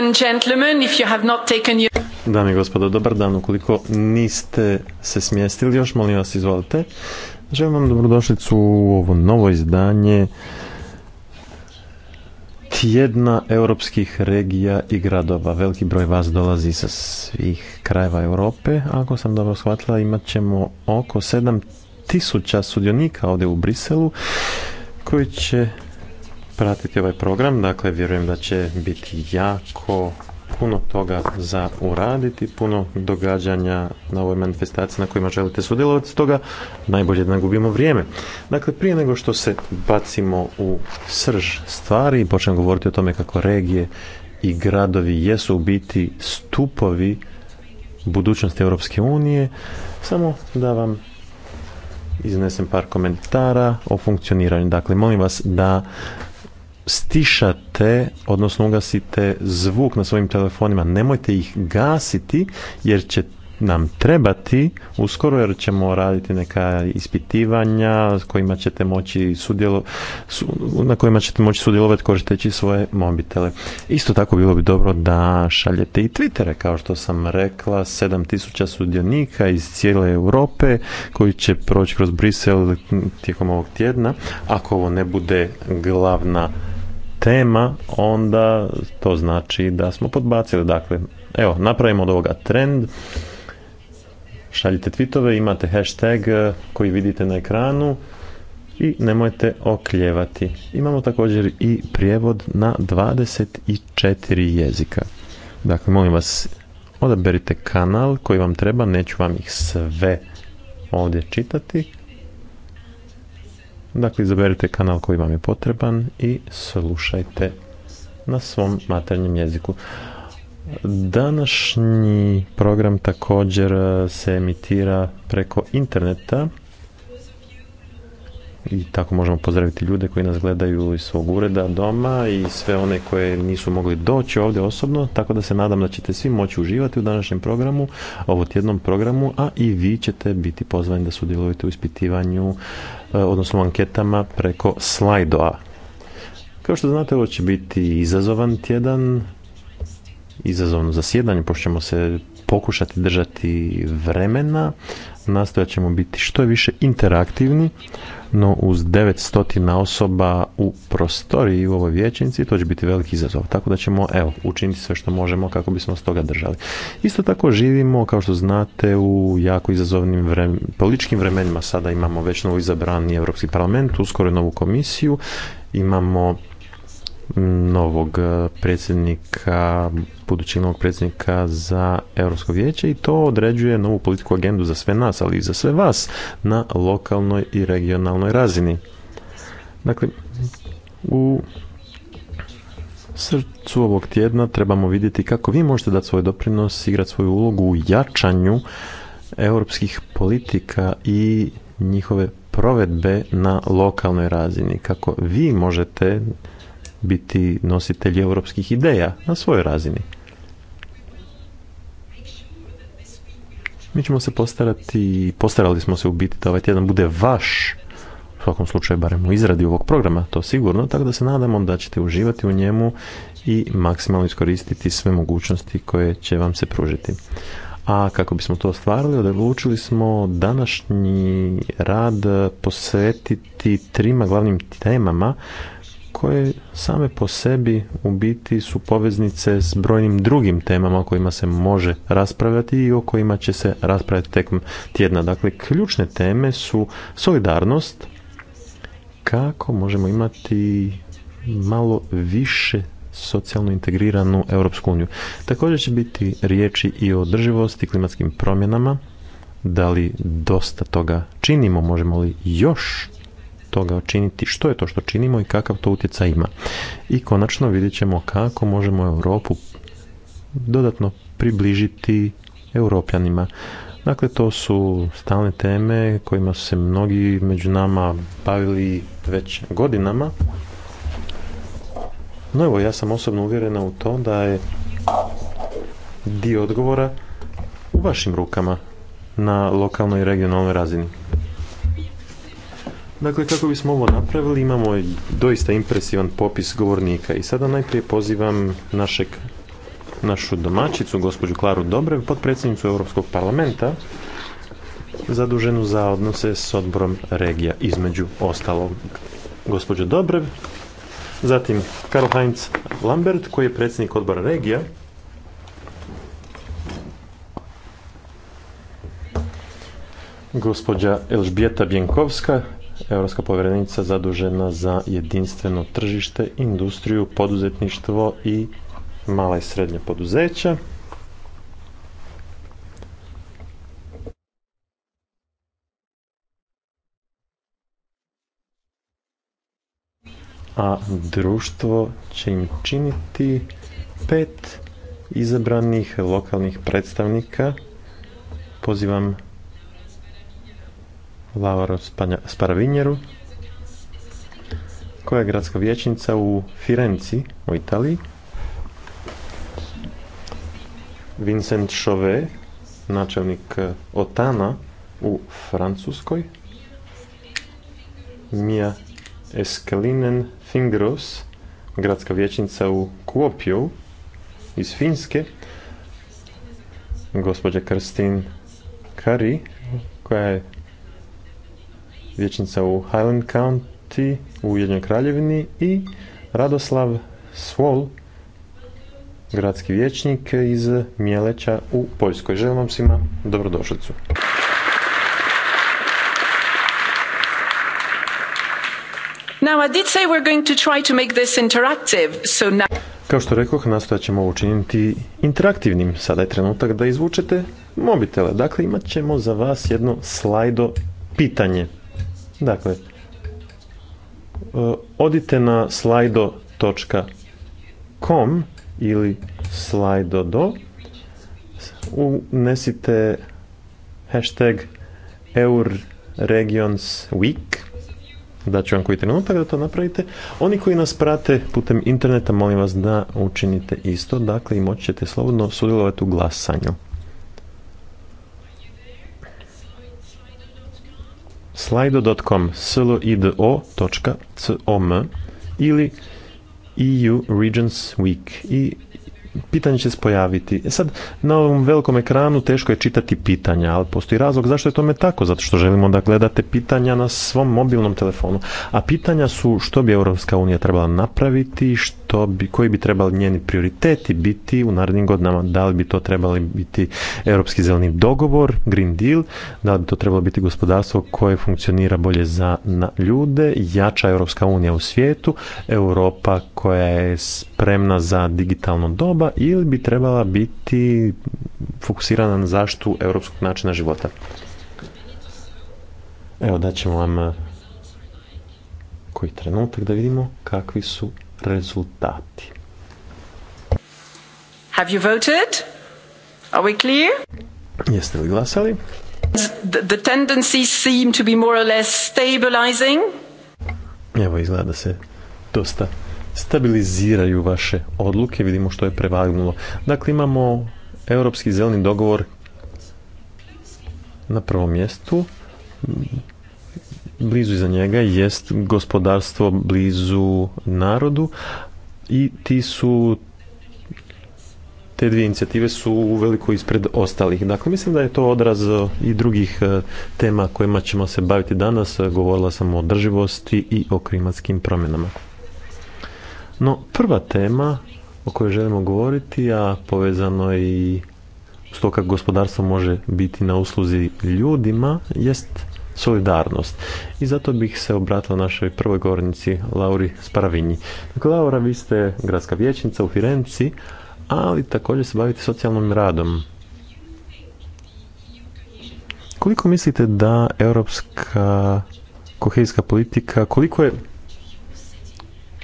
gentlemen, Dame i gospodo, dobar dan. Ukoliko niste se smjestili još, molim vas, izvolite. Želim vam dobrodošlicu u ovo novo izdanje tjedna europskih regija i gradova. Veliki broj vas dolazi sa svih krajeva Europe. Ako sam dobro shvatila, imat ćemo oko 7000 sudionika ovdje u Briselu koji će pratiti ovaj program, dakle vjerujem da će biti jako puno toga za uraditi, puno događanja na ovoj manifestaciji na kojima želite sudjelovati, stoga najbolje da ne gubimo vrijeme. Dakle, prije nego što se bacimo u srž stvari i počnemo govoriti o tome kako regije i gradovi jesu u biti stupovi budućnosti Europske unije, samo da vam iznesem par komentara o funkcioniranju. Dakle, molim vas da stišate, odnosno ugasite zvuk na svojim telefonima. Nemojte ih gasiti jer će nam trebati uskoro jer ćemo raditi neka ispitivanja s kojima ćete moći sudjelo, na kojima ćete moći sudjelovati koristeći svoje mobitele. Isto tako bilo bi dobro da šaljete i Twittere, kao što sam rekla, 7000 sudionika iz cijele Europe koji će proći kroz Brisel tijekom ovog tjedna. Ako ovo ne bude glavna tema, onda to znači da smo podbacili. Dakle, evo, napravimo od ovoga trend šaljite tweetove, imate hashtag eh, koji vidite na ekranu i nemojte okljevati. Imamo također i prijevod na 24 jezika. Dakle, molim vas, odaberite kanal koji vam treba, neću vam ih sve ovdje čitati. Dakle, izaberite kanal koji vam je potreban i slušajte na svom maternjem jeziku. Današnji program također e, se emitira preko interneta i tako možemo pozdraviti ljude koji nas gledaju iz svog ureda, doma i sve one koje nisu mogli doći ovdje osobno, tako da se nadam da ćete svi moći uživati u današnjem programu, ovo tjednom programu, a i vi ćete biti pozvani da sudjelujete u ispitivanju, e, odnosno u anketama preko slajdoa. Kao što znate, ovo će biti izazovan tjedan, izazovno zasjedanje, pošto ćemo se pokušati držati vremena, nastojat ćemo biti što je više interaktivni, no uz 900 osoba u prostoriji u ovoj vijećnici to će biti veliki izazov, tako da ćemo evo, učiniti sve što možemo kako bismo s toga držali. Isto tako živimo, kao što znate, u jako izazovnim vremen, političkim vremenima, sada imamo već novo izabrani Europski parlament, uskoro novu komisiju, imamo novog eh, predsjednika, budućeg novog predsjednika za Europsko vijeće i to određuje novu politiku agendu za sve nas, ali i za sve vas na lokalnoj i regionalnoj razini. Dakle, u srcu ovog tjedna trebamo vidjeti kako vi možete dati svoj doprinos, igrati svoju ulogu u jačanju europskih politika i njihove provedbe na lokalnoj razini. Kako vi možete biti nositelji europskih ideja na svojoj razini. Mi ćemo se postarati, postarali smo se u biti da ovaj tjedan bude vaš, u svakom slučaju barem u izradi ovog programa, to sigurno, tako da se nadamo da ćete uživati u njemu i maksimalno iskoristiti sve mogućnosti koje će vam se pružiti. A kako bismo to ostvarili, Odavučili smo današnji rad posvetiti trima glavnim temama koje same po sebi u biti su poveznice s brojnim drugim temama o kojima se može raspravljati i o kojima će se raspravljati tek tjedna. Dakle, ključne teme su solidarnost, kako možemo imati malo više socijalno integriranu Europsku uniju. Također će biti riječi i o održivosti klimatskim promjenama, da li dosta toga činimo, možemo li još toga činiti, što je to što činimo i kakav to utjecaj ima. I konačno vidjet ćemo kako možemo Europu dodatno približiti europljanima. Dakle, to su stalne teme kojima se mnogi među nama bavili već godinama. No evo, ja sam osobno uvjerena u to da je dio odgovora u vašim rukama na lokalnoj i regionalnoj razini. Dakle, kako bismo ovo napravili, imamo doista impresivan popis govornika i sada najprije pozivam našeg, našu domaćicu, gospođu Klaru Dobrev, potpredsjednicu Europskog parlamenta, zaduženu za odnose s odborom regija, između ostalog. Gospođo Dobrev, zatim Karl Heinz Lambert, koji je predsjednik odbora regija, gospođa Elžbjeta Bjenkovska, Europska povjerenica zadužena za jedinstveno tržište, industriju, poduzetništvo i mala i srednja poduzeća. a društvo će im činiti pet izabranih lokalnih predstavnika. Pozivam Lauro Sparavinjeru, koja je gradska vječnica u Firenci u Italiji. Vincent Chauvet, načelnik eh, Otana u Francuskoj. Mia Eskelinen Fingros, gradska vječnica u Kuopio iz Finske. Gospođa Krstin Kari, koja je vijećnica u Highland County u Ujedinjenoj Kraljevini i Radoslav Svol, gradski vijećnik iz Mjeleća u Poljskoj. Želim vam svima dobrodošlicu. Kao što rekoh, nastojat ćemo učiniti interaktivnim. Sada je trenutak da izvučete mobitele. Dakle, imat ćemo za vas jedno slajdo pitanje. Dakle, e, odite na slajdo.com ili do unesite hashtag EurRegionsWeek da ću vam koji trenutak da to napravite. Oni koji nas prate putem interneta, molim vas da učinite isto, dakle i moći ćete slobodno sudjelovati u glasanju. slido.com slido.com ili EU Regions Week i pitanje će se pojaviti. E sad, na ovom velikom ekranu teško je čitati pitanja, ali postoji razlog zašto je tome tako, zato što želimo da gledate pitanja na svom mobilnom telefonu. A pitanja su što bi Europska unija trebala napraviti, što bi, koji bi trebali njeni prioriteti biti u narednim godinama, da li bi to trebali biti Europski zeleni dogovor, Green Deal, da li bi to trebalo biti gospodarstvo koje funkcionira bolje za na ljude, jača Europska unija u svijetu, Europa koja je spremna za digitalno doba, osoba ili bi trebala biti fokusirana na zaštitu europskog načina života? Evo da ćemo vam eh, koji trenutak da vidimo kakvi su rezultati. Have you voted? Are we clear? Jeste li glasali? The, the tendencies seem to be more or less stabilizing. Evo izgleda da se dosta stabiliziraju vaše odluke, vidimo što je prevagnulo. Dakle, imamo Europski zeleni dogovor na prvom mjestu, blizu iza njega jest gospodarstvo blizu narodu i ti su te dvije inicijative su veliko ispred ostalih. Dakle, mislim da je to odraz i drugih e, tema kojima ćemo se baviti danas. Govorila sam o održivosti i o klimatskim promjenama. No, prva tema o kojoj želimo govoriti, a povezano i s to kako gospodarstvo može biti na usluzi ljudima, jest solidarnost. I zato bih se obratila našoj prvoj govornici, Lauri Sparavinji. Dakle, Laura, vi ste gradska vijećnica u Firenci, ali također se bavite socijalnim radom. Koliko mislite da europska kohezijska politika, koliko je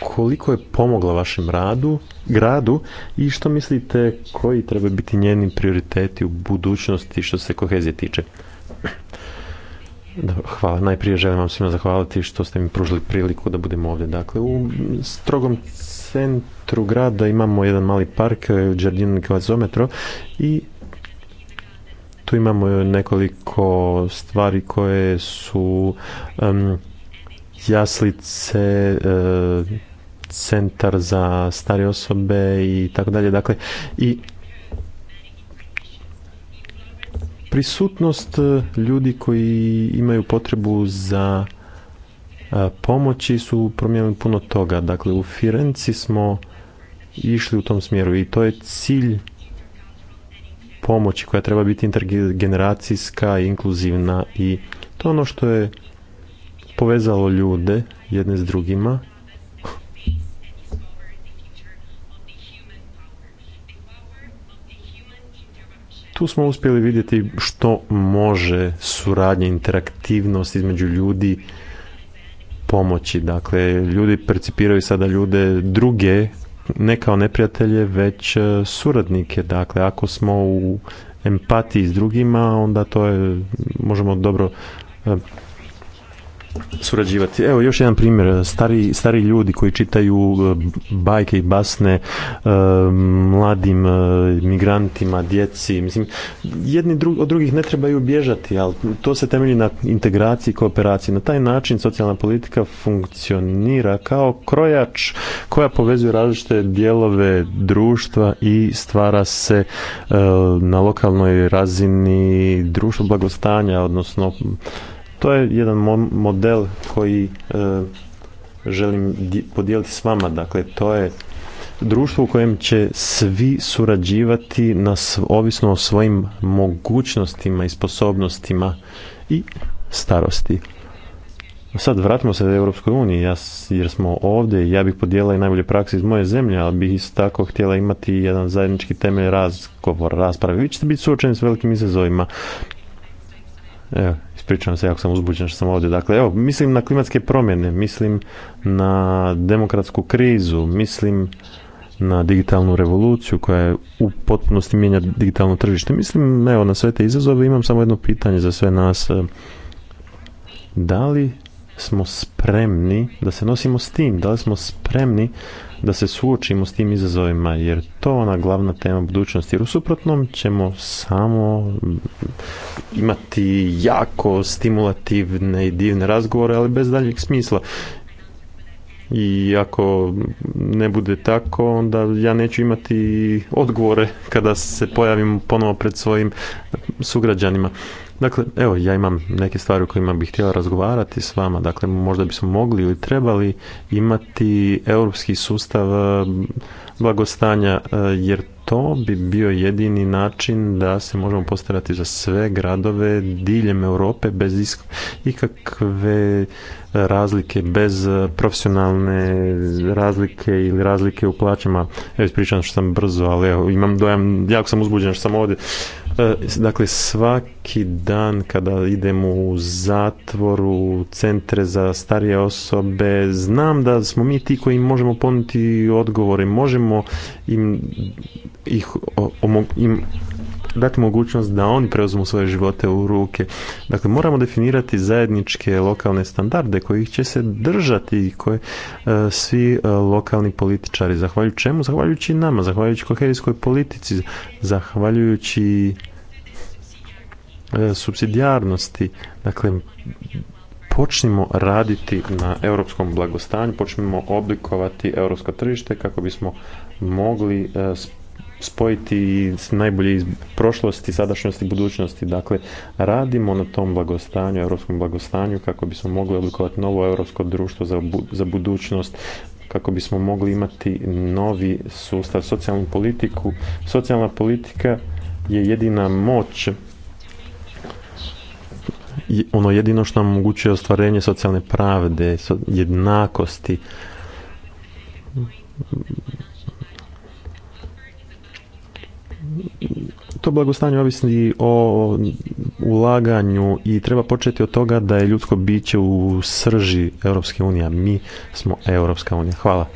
koliko je pomogla vašem radu, gradu i što mislite koji treba biti njeni prioriteti u budućnosti što se kohezije tiče? Dobro, hvala. Najprije želim vam svima zahvaliti što ste mi pružili priliku da budemo ovdje. Dakle, u strogom centru grada imamo jedan mali park, Đardin Kvazometro i tu imamo nekoliko stvari koje su jaslice, e, centar za stare osobe i tako dalje. Dakle, i prisutnost e, ljudi koji imaju potrebu za e, pomoći su promijenili puno toga. Dakle, u Firenci smo išli u tom smjeru i to je cilj pomoći koja treba biti intergeneracijska i inkluzivna i to ono što je povezalo ljude jedne s drugima tu smo uspjeli vidjeti što može suradnja, interaktivnost između ljudi pomoći. Dakle, ljudi percipiraju sada ljude druge, ne kao neprijatelje, već e, suradnike. Dakle, ako smo u empatiji s drugima, onda to je, možemo dobro e, surađivati. Evo još jedan primjer, e, stari, stari ljudi koji čitaju e, bajke i basne e, mladim migrantima, djeci, mislim, jedni od drugih ne trebaju bježati, ali to se temelji na integraciji i kooperaciji. Na taj način socijalna politika funkcionira kao krojač koja povezuje različite dijelove društva i stvara se na lokalnoj razini društvo blagostanja, odnosno to je jedan model koji e, želim podijeliti s vama. Dakle, to je društvo u kojem će svi surađivati na ovisno o svojim mogućnostima i sposobnostima i starosti. Sad vratimo se u Europskoj uniji, ja, jer smo ovdje, ja bih podijela i najbolje prakse iz moje zemlje, ali bih isto tako htjela imati jedan zajednički temelj razgovor, rasprave. Vi ćete biti suočeni s velikim izazovima. Evo, Ispričavam se ako sam uzbuđen što sam ovdje. Dakle, evo, mislim na klimatske promjene, mislim na demokratsku krizu, mislim na digitalnu revoluciju koja je u potpunosti mijenja digitalno tržište. Mislim, evo, na sve te izazove imam samo jedno pitanje za sve nas. Da li smo spremni da se nosimo s tim, da li smo spremni da se suočimo s tim izazovima, jer to je ona glavna tema budućnosti, jer u suprotnom ćemo samo imati jako stimulativne i divne razgovore, ali bez daljeg smisla. I ako ne bude tako, onda ja neću imati odgovore kada se pojavim ponovo pred svojim sugrađanima. Dakle, evo, ja imam neke stvari o kojima bih htjela razgovarati s vama. Dakle, možda bismo mogli ili trebali imati europski sustav e, blagostanja, e, jer to bi bio jedini način da se možemo postarati za sve gradove diljem Europe bez ikakve razlike, bez profesionalne razlike ili razlike u plaćama. Evo, ispričavam što sam brzo, ali evo, imam dojam, jako sam uzbuđen što sam ovdje. E, dakle, svaki dan kada idemo u zatvor, u centre za starije osobe, znam da smo mi ti koji im možemo ponuditi odgovore, možemo im, ih, im dati mogućnost da oni preuzmu svoje živote u ruke. Dakle, moramo definirati zajedničke lokalne standarde kojih će se držati i koje e, svi e, lokalni političari. Zahvaljujući čemu? Zahvaljujući nama, zahvaljujući koherijskoj politici, zahvaljujući E, subsidijarnosti. Dakle, počnimo raditi na europskom blagostanju, počnimo oblikovati europsko tržište kako bismo mogli e, spojiti najbolje iz prošlosti, sadašnjosti, budućnosti. Dakle, radimo na tom blagostanju, europskom blagostanju kako bismo mogli oblikovati novo europsko društvo za, za budućnost, kako bismo mogli imati novi sustav, socijalnu politiku. Socijalna politika je jedina moć ono jedino što nam omogućuje ostvarenje socijalne pravde, jednakosti. To blagostanje ovisni o ulaganju i treba početi od toga da je ljudsko biće u srži Europske unije. Mi smo Europska unija. Hvala.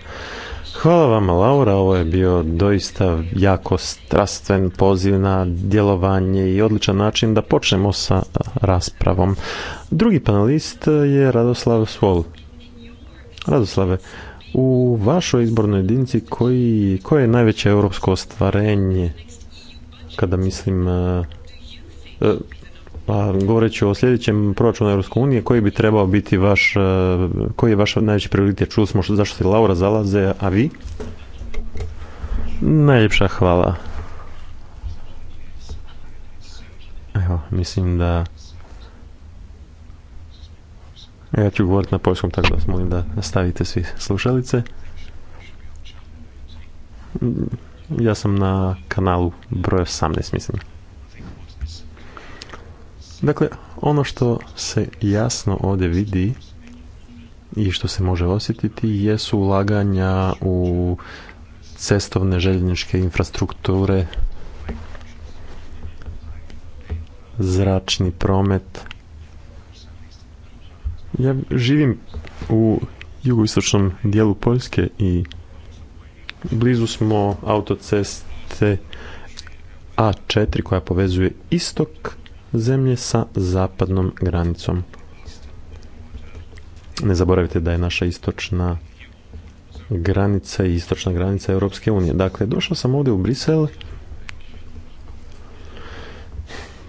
Hvala vam, Laura. Ovo je bio doista jako strastven poziv na djelovanje i odličan način da počnemo sa raspravom. Drugi panelist je Radoslav Svol. Radoslave, u vašoj izbornoj jedinici koji, koje je najveće europsko ostvarenje kada mislim pa govoreći o sljedećem proračunu Europske unije, koji bi trebao biti vaš, e, koji je vaš najveći prioritet? Čuli smo što, zašto se Laura zalaze, a vi? Najljepša hvala. Evo, mislim da... Ja ću govoriti na poljskom, tako da vas molim da stavite svi slušalice. Ja sam na kanalu broj 18, mislim. Dakle, ono što se jasno ovdje vidi i što se može osjetiti jesu ulaganja u cestovne željezničke infrastrukture, zračni promet. Ja živim u jugoistočnom dijelu Poljske i blizu smo autoceste A4 koja povezuje istok zemlje sa zapadnom granicom. Ne zaboravite da je naša istočna granica i istočna granica Europske unije. Dakle, došao sam ovdje u Brisel,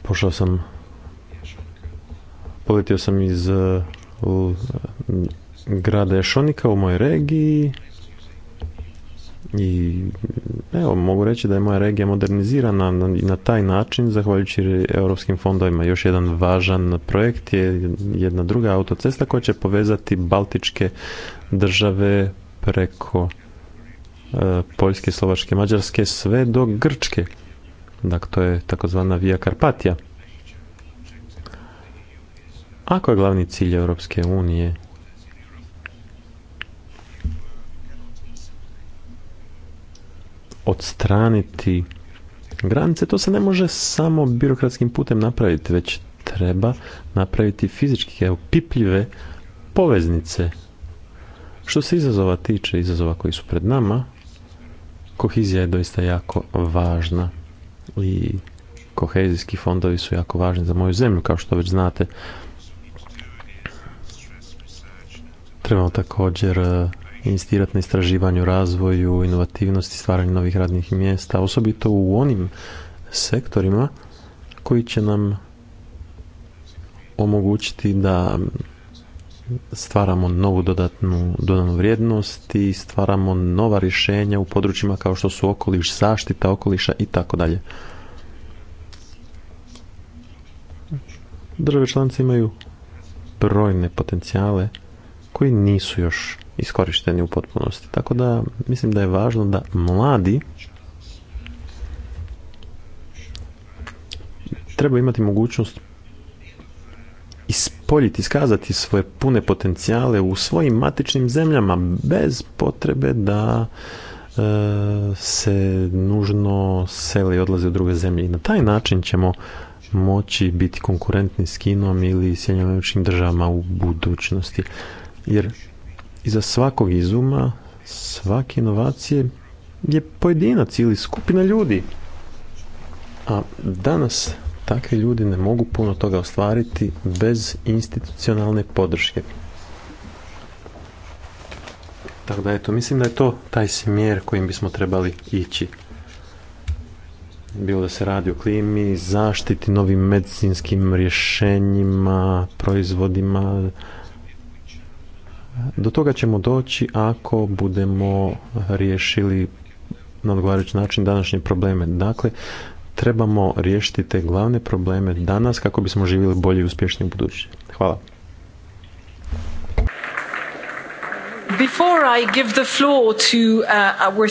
pošao sam, poletio sam iz eh, grada Ešonika u mojoj regiji, i evo, mogu reći da je moja regija modernizirana na, na taj način, zahvaljujući europskim fondovima. Još jedan važan projekt je jedna druga autocesta koja će povezati baltičke države preko e, Poljske, Slovačke, Mađarske, sve do Grčke. Dakle, to je takozvana Via Karpatija. Ako je glavni cilj Europske unije odstraniti granice, to se ne može samo birokratskim putem napraviti, već treba napraviti fizički, evo, pipljive poveznice. Što se izazova tiče, izazova koji su pred nama, kohizija je doista jako važna i kohezijski fondovi su jako važni za moju zemlju, kao što već znate. Trebamo također investirati na istraživanju, razvoju, inovativnosti, stvaranju novih radnih mjesta, osobito u onim sektorima koji će nam omogućiti da stvaramo novu dodatnu dodanu vrijednost i stvaramo nova rješenja u područjima kao što su okoliš, zaštita okoliša i tako dalje. Države članice imaju brojne potencijale koji nisu još iskorišteni u potpunosti. Tako da mislim da je važno da mladi treba imati mogućnost ispoljiti, iskazati svoje pune potencijale u svojim matičnim zemljama bez potrebe da e, se nužno sele i odlaze u druge zemlje. I na taj način ćemo moći biti konkurentni s Kinom ili Sjedinjenim državama u budućnosti. Jer iza svakog izuma, svake inovacije je pojedinac ili skupina ljudi. A danas takvi ljudi ne mogu puno toga ostvariti bez institucionalne podrške. Tako da eto, mislim da je to taj smjer kojim bismo trebali ići. Bilo da se radi o klimi, zaštiti novim medicinskim rješenjima, proizvodima, do toga ćemo doći ako budemo riješili na odgovarajući način današnje probleme. Dakle, trebamo riješiti te glavne probleme danas kako bismo živjeli bolje i uspješnije u budućnosti. Hvala. Before I give the floor to, uh, our...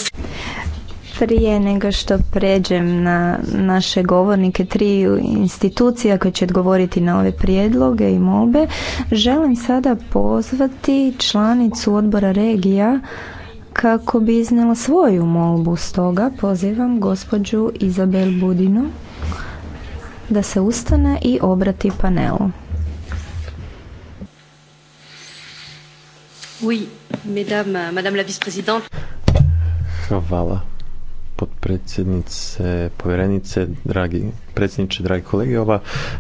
Prije nego što pređem na naše govornike tri institucija koje će odgovoriti na ove prijedloge i molbe, želim sada pozvati članicu odbora regija kako bi iznijela svoju molbu. Stoga pozivam gospođu Izabel Budinu da se ustane i obrati panelu. Oui, mesdames, madame la vice-présidente. Hvala, potpredsjednice, povjerenice, dragi predsjedniče, dragi kolege. Ova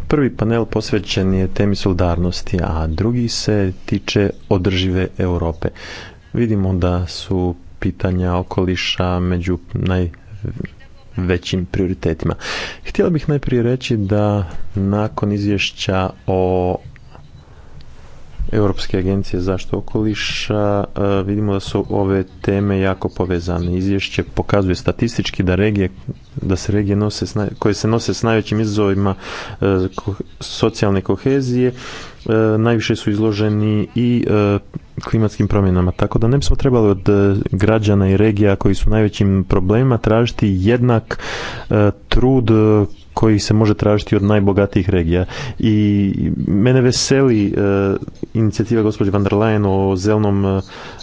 prvi panel posvećen je temi solidarnosti, a drugi se tiče održive Europe. Vidimo da su pitanja okoliša među najvećim prioritetima. Htjela bih najprije reći da nakon izvješća o Europske agencije zašto okoliša, e, vidimo da su ove teme jako povezane. Izvješće pokazuje statistički da regije da se regije nose koje se nose s najvećim izazovima e, socijalne kohezije e, najviše su izloženi i klimatskim promjenama. Tako da ne bismo trebali od građana i regija koji su najvećim problemima tražiti jednak trud koji se može tražiti od najbogatijih regija. I mene veseli e, inicijativa gospođe van der Leyen o zelenom e,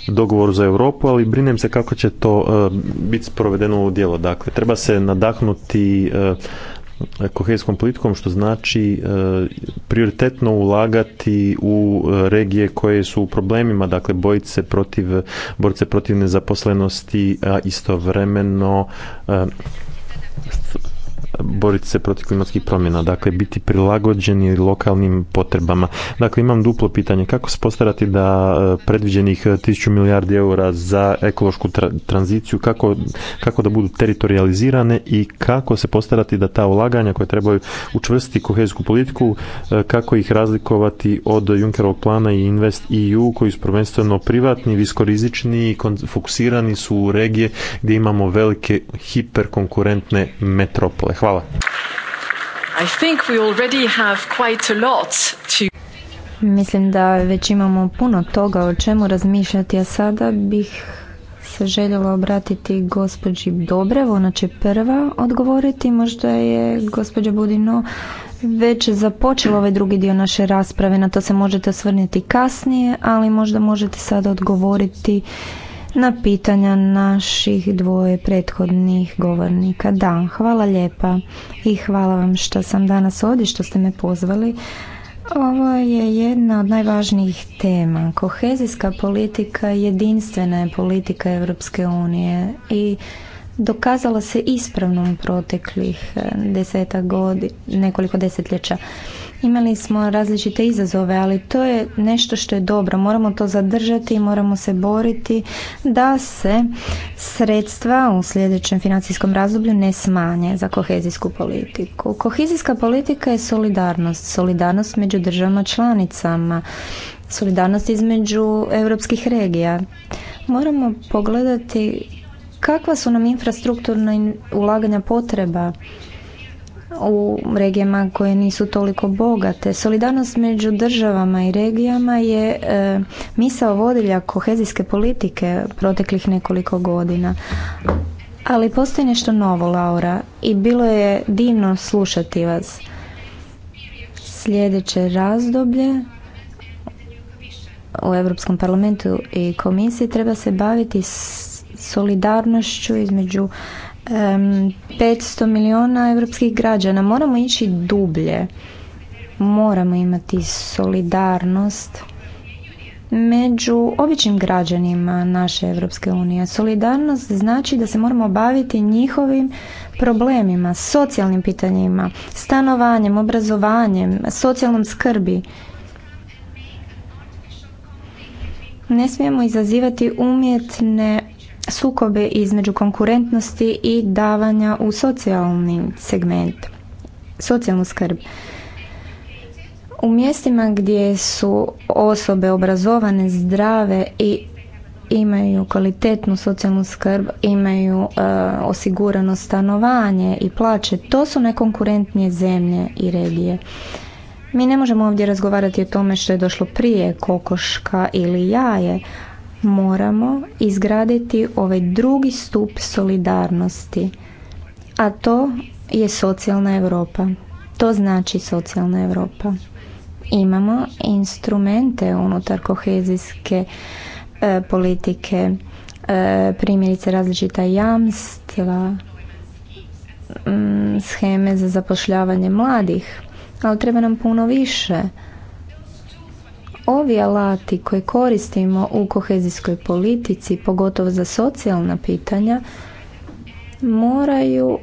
dogovoru za Europu, ali brinem se kako će to e, biti sprovedeno u djelo. Dakle, treba se nadahnuti kohezijskom politikom, što znači prioritetno ulagati u regije koje su u problemima, dakle bojice protiv, borit protiv nezaposlenosti, a istovremeno boriti se protiv klimatskih promjena, dakle biti prilagođeni lokalnim potrebama. Dakle, imam duplo pitanje, kako se postarati da e, predviđenih 1000 e, milijardi eura za ekološku tranziciju, kako, kako da budu teritorijalizirane i kako se postarati da ta ulaganja koje trebaju učvrstiti kohezijsku politiku, e, kako ih razlikovati od Junckerovog plana i Invest EU koji su prvenstveno privatni, viskorizični i fokusirani su u regije gdje imamo velike hiperkonkurentne metropole. Hvala Hvala. I think Mislim da već imamo puno toga o čemu razmišljati, a sada bih se željela obratiti gospođi Dobrev, ona će prva odgovoriti, možda je gospođa Budino već započela ovaj drugi dio naše rasprave, na to se možete osvrniti kasnije, ali možda možete sada odgovoriti na pitanja naših dvoje prethodnih govornika. Da, hvala lijepa i hvala vam što sam danas ovdje, što ste me pozvali. Ovo je jedna od najvažnijih tema. Kohezijska politika jedinstvena je politika Europske unije i dokazala se ispravnom proteklih eh, deseta godina, nekoliko desetljeća. Imali smo različite izazove, ali to je nešto što je dobro. Moramo to zadržati i moramo se boriti da se sredstva u sljedećem financijskom razdoblju ne smanje za kohezijsku politiku. Kohezijska politika je solidarnost, solidarnost među državama članicama, solidarnost između europskih regija. Moramo pogledati kakva su nam infrastrukturna ulaganja potreba u regijama koje nisu toliko bogate. Solidarnost među državama i regijama je e, misao vodilja kohezijske politike proteklih nekoliko godina. Ali postoji nešto novo, Laura, i bilo je divno slušati vas. Sljedeće razdoblje u Europskom parlamentu i komisiji treba se baviti solidarnošću između 500 milijuna europskih građana. Moramo ići dublje. Moramo imati solidarnost među običnim građanima naše Europske unije. Solidarnost znači da se moramo baviti njihovim problemima, socijalnim pitanjima, stanovanjem, obrazovanjem, socijalnom skrbi. Ne smijemo izazivati umjetne sukobe između konkurentnosti i davanja u socijalni segment, socijalnu skrb. U mjestima gdje su osobe obrazovane, zdrave i imaju kvalitetnu socijalnu skrb, imaju e, osigurano stanovanje i plaće, to su nekonkurentnije zemlje i regije. Mi ne možemo ovdje razgovarati o tome što je došlo prije, kokoška ili jaje, moramo izgraditi ovaj drugi stup solidarnosti, a to je socijalna Europa. To znači socijalna Europa. Imamo instrumente unutar kohezijske e, politike, e, primjerice različita jamstva, mm, scheme za zapošljavanje mladih, ali treba nam puno više ovi alati koje koristimo u kohezijskoj politici, pogotovo za socijalna pitanja, moraju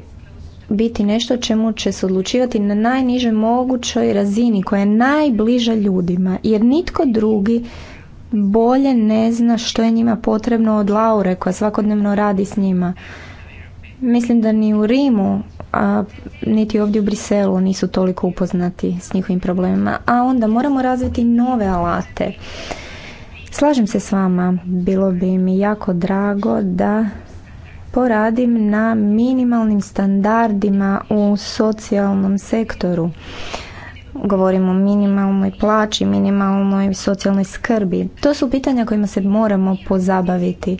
biti nešto čemu će se odlučivati na najniže mogućoj razini koja je najbliža ljudima jer nitko drugi bolje ne zna što je njima potrebno od Laure koja svakodnevno radi s njima. Mislim da ni u Rimu, a niti ovdje u Briselu nisu toliko upoznati s njihovim problemima, a onda moramo razviti nove alate. Slažem se s vama, bilo bi mi jako drago da poradim na minimalnim standardima u socijalnom sektoru. Govorimo o minimalnoj plaći, minimalnoj socijalnoj skrbi. To su pitanja kojima se moramo pozabaviti.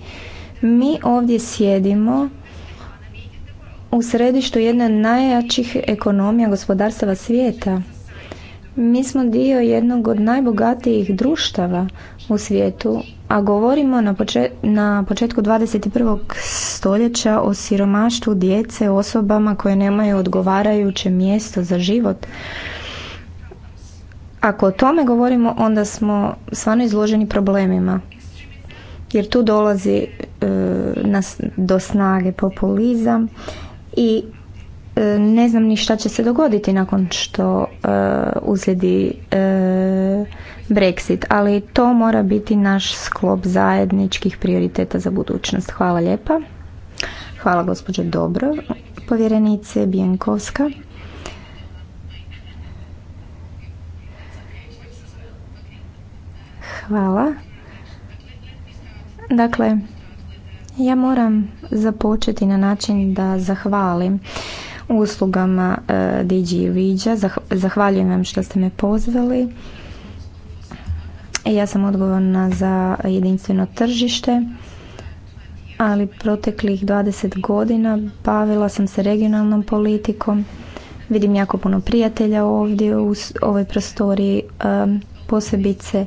Mi ovdje sjedimo u središtu jedne najjačih ekonomija gospodarstava svijeta. Mi smo dio jednog od najbogatijih društava u svijetu, a govorimo na, počet, na početku 21. stoljeća o siromaštvu djece, osobama koje nemaju odgovarajuće mjesto za život. Ako o tome govorimo, onda smo stvarno izloženi problemima. Jer tu dolazi e, do snage populizam i e, ne znam ni šta će se dogoditi nakon što e, uslijedi e, Brexit, ali to mora biti naš sklop zajedničkih prioriteta za budućnost. Hvala lijepa. Hvala gospođo Dobro. Povjerenice Bijenkovska. Hvala. Dakle, ja moram započeti na način da zahvalim uslugama uh, e, DG zahvaljujem vam što ste me pozvali. Ja sam odgovorna za jedinstveno tržište, ali proteklih 20 godina bavila sam se regionalnom politikom. Vidim jako puno prijatelja ovdje u ovoj prostoriji, e, posebice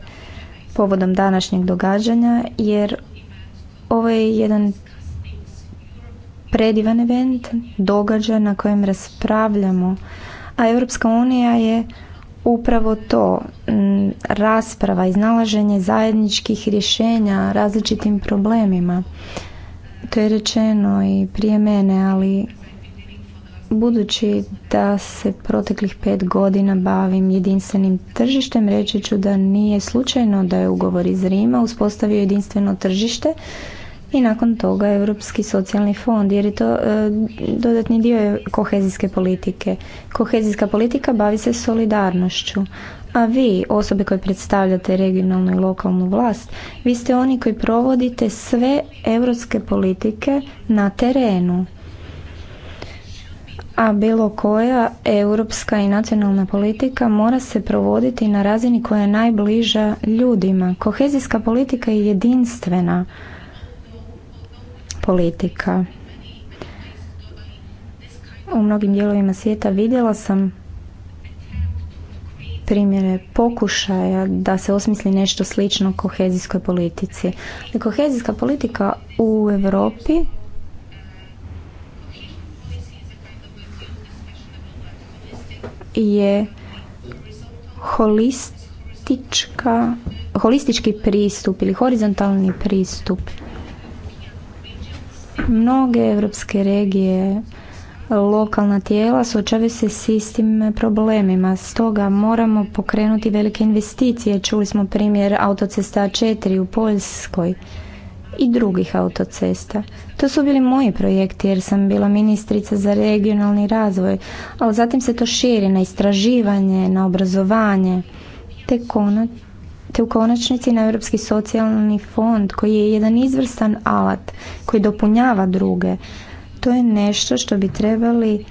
povodom današnjeg događanja, jer ovo je jedan predivan event, događaj na kojem raspravljamo, a Europska unija je upravo to, rasprava mm, rasprava, iznalaženje zajedničkih rješenja različitim problemima. To je rečeno i prije mene, ali budući da se proteklih pet godina bavim jedinstvenim tržištem, reći ću da nije slučajno da je ugovor iz Rima uspostavio jedinstveno tržište, i nakon toga Europski socijalni fond jer je to e, dodatni dio kohezijske politike. Kohezijska politika bavi se solidarnošću, a vi, osobe koje predstavljate regionalnu i lokalnu vlast, vi ste oni koji provodite sve europske politike na terenu. A bilo koja europska i nacionalna politika mora se provoditi na razini koja je najbliža ljudima. Kohezijska politika je jedinstvena politika. U mnogim dijelovima svijeta vidjela sam primjere pokušaja da se osmisli nešto slično kohezijskoj politici. kohezijska politika u Europi je holistička, holistički pristup ili horizontalni pristup Mnoge evropske regije, lokalna tijela suočavaju se s istim problemima. Stoga moramo pokrenuti velike investicije. Čuli smo primjer autocesta 4 u Poljskoj i drugih autocesta. To su bili moji projekti jer sam bila ministrica za regionalni razvoj, ali zatim se to širi na istraživanje, na obrazovanje, te konačno te u konačnici na Europski socijalni fond koji je jedan izvrstan alat koji dopunjava druge. To je nešto što bi trebali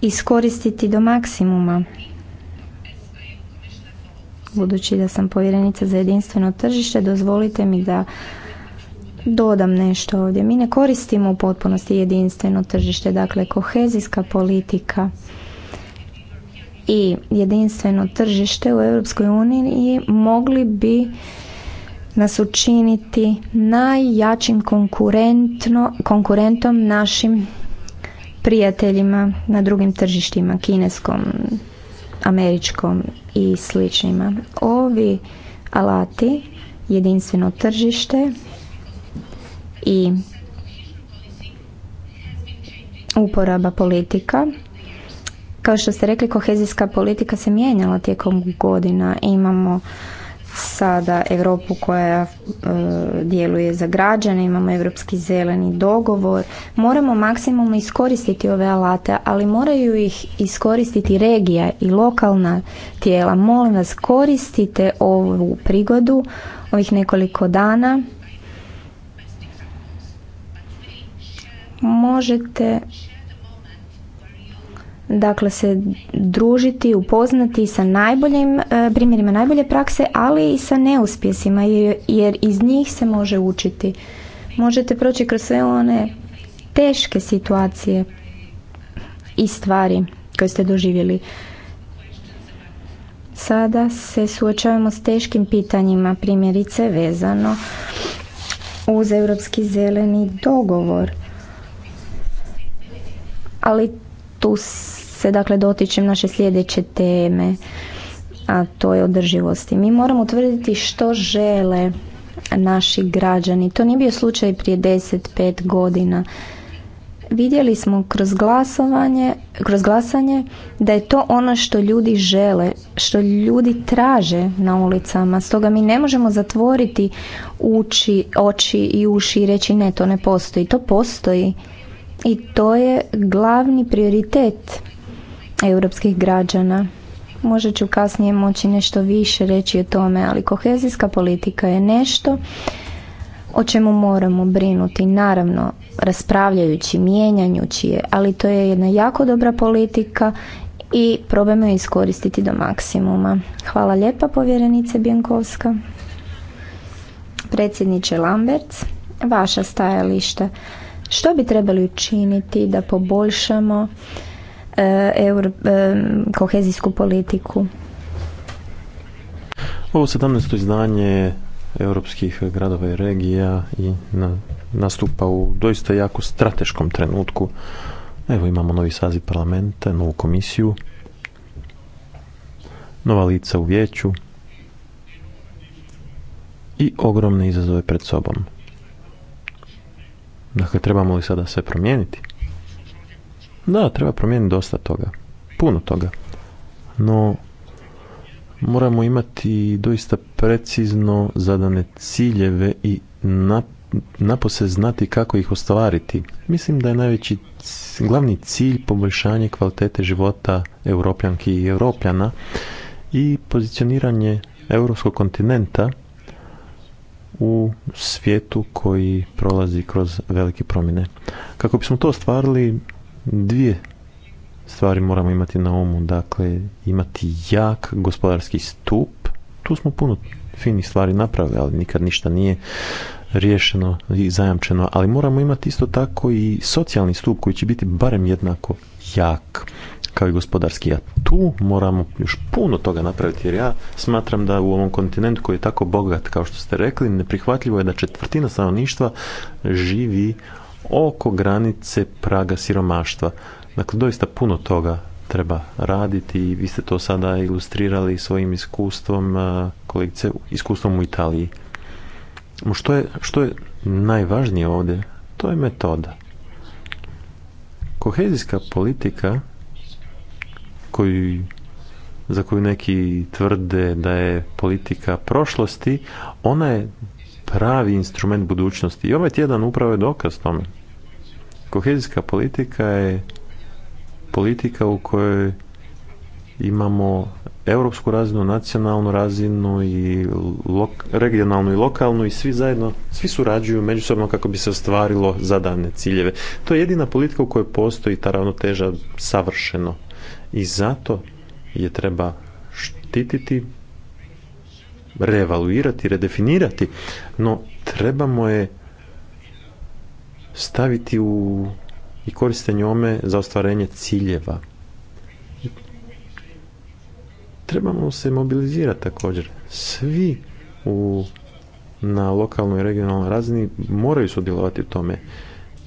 iskoristiti do maksimuma. Budući da sam povjerenica za jedinstveno tržište, dozvolite mi da dodam nešto ovdje. Mi ne koristimo u potpunosti jedinstveno tržište, dakle kohezijska politika i jedinstveno tržište u Europskoj uniji mogli bi nas učiniti najjačim konkurentom našim prijateljima na drugim tržištima, kineskom, američkom i sličnima. Ovi alati, jedinstveno tržište i uporaba politika kao što ste rekli, kohezijska politika se mijenjala tijekom godina. Imamo sada Europu koja e, djeluje za građane, imamo Europski zeleni dogovor. Moramo maksimalno iskoristiti ove alate, ali moraju ih iskoristiti regija i lokalna tijela. Molim vas, koristite ovu prigodu ovih nekoliko dana. Možete dakle se družiti, upoznati sa najboljim e, primjerima najbolje prakse, ali i sa neuspjesima jer iz njih se može učiti. Možete proći kroz sve one teške situacije i stvari koje ste doživjeli. Sada se suočavamo s teškim pitanjima, primjerice vezano uz europski zeleni dogovor. Ali tu se dakle dotičem naše sljedeće teme, a to je održivosti. Mi moramo utvrditi što žele naši građani. To nije bio slučaj prije 10-5 godina. Vidjeli smo kroz glasovanje, kroz glasanje da je to ono što ljudi žele, što ljudi traže na ulicama. Stoga mi ne možemo zatvoriti uči, oči i uši i reći ne, to ne postoji. To postoji i to je glavni prioritet europskih građana. Možda ću kasnije moći nešto više reći o tome, ali kohezijska politika je nešto o čemu moramo brinuti, naravno raspravljajući, mijenjanjući je, ali to je jedna jako dobra politika i probajmo je iskoristiti do maksimuma. Hvala lijepa povjerenice Bjankovska. Predsjedniče Lamberts, vaša stajališta. Što bi trebali učiniti da poboljšamo Eh, euro eh, kohezijsku politiku. Ovo 17. izdanje europskih gradova i regija i nastupa u doista jako strateškom trenutku. Evo imamo novi saziv parlamenta, novu komisiju, nova lica u vijeću i ogromne izazove pred sobom. Dakle, trebamo li sada sve promijeniti? Da, treba promijeniti dosta toga. Puno toga. No, moramo imati doista precizno zadane ciljeve i napose znati kako ih ostvariti. Mislim da je najveći glavni cilj poboljšanje kvalitete života europljanki i europljana i pozicioniranje europskog kontinenta u svijetu koji prolazi kroz velike promjene. Kako bismo to ostvarili, dvije stvari moramo imati na umu. Dakle, imati jak gospodarski stup. Tu smo puno finih stvari napravili, ali nikad ništa nije riješeno i zajamčeno. Ali moramo imati isto tako i socijalni stup koji će biti barem jednako jak kao i gospodarski. A tu moramo još puno toga napraviti jer ja smatram da u ovom kontinentu koji je tako bogat kao što ste rekli, neprihvatljivo je da četvrtina stanovništva živi oko granice praga siromaštva. Dakle, doista puno toga treba raditi i vi ste to sada ilustrirali svojim iskustvom, kolegice, iskustvom u Italiji. Što je, što je najvažnije ovdje? To je metoda. Kohezijska politika koju, za koju neki tvrde da je politika prošlosti, ona je pravi instrument budućnosti. I ovaj tjedan upravo je dokaz tome. Kohezijska politika je politika u kojoj imamo europsku razinu, nacionalnu razinu i regionalnu i lokalnu i svi zajedno, svi surađuju međusobno kako bi se ostvarilo zadane ciljeve. To je jedina politika u kojoj postoji ta ravnoteža savršeno. I zato je treba štititi, reevaluirati, redefinirati, no trebamo je staviti u i koriste njome za ostvarenje ciljeva. Trebamo se mobilizirati također. Svi u, na lokalnoj i regionalnoj razini moraju sudjelovati u tome.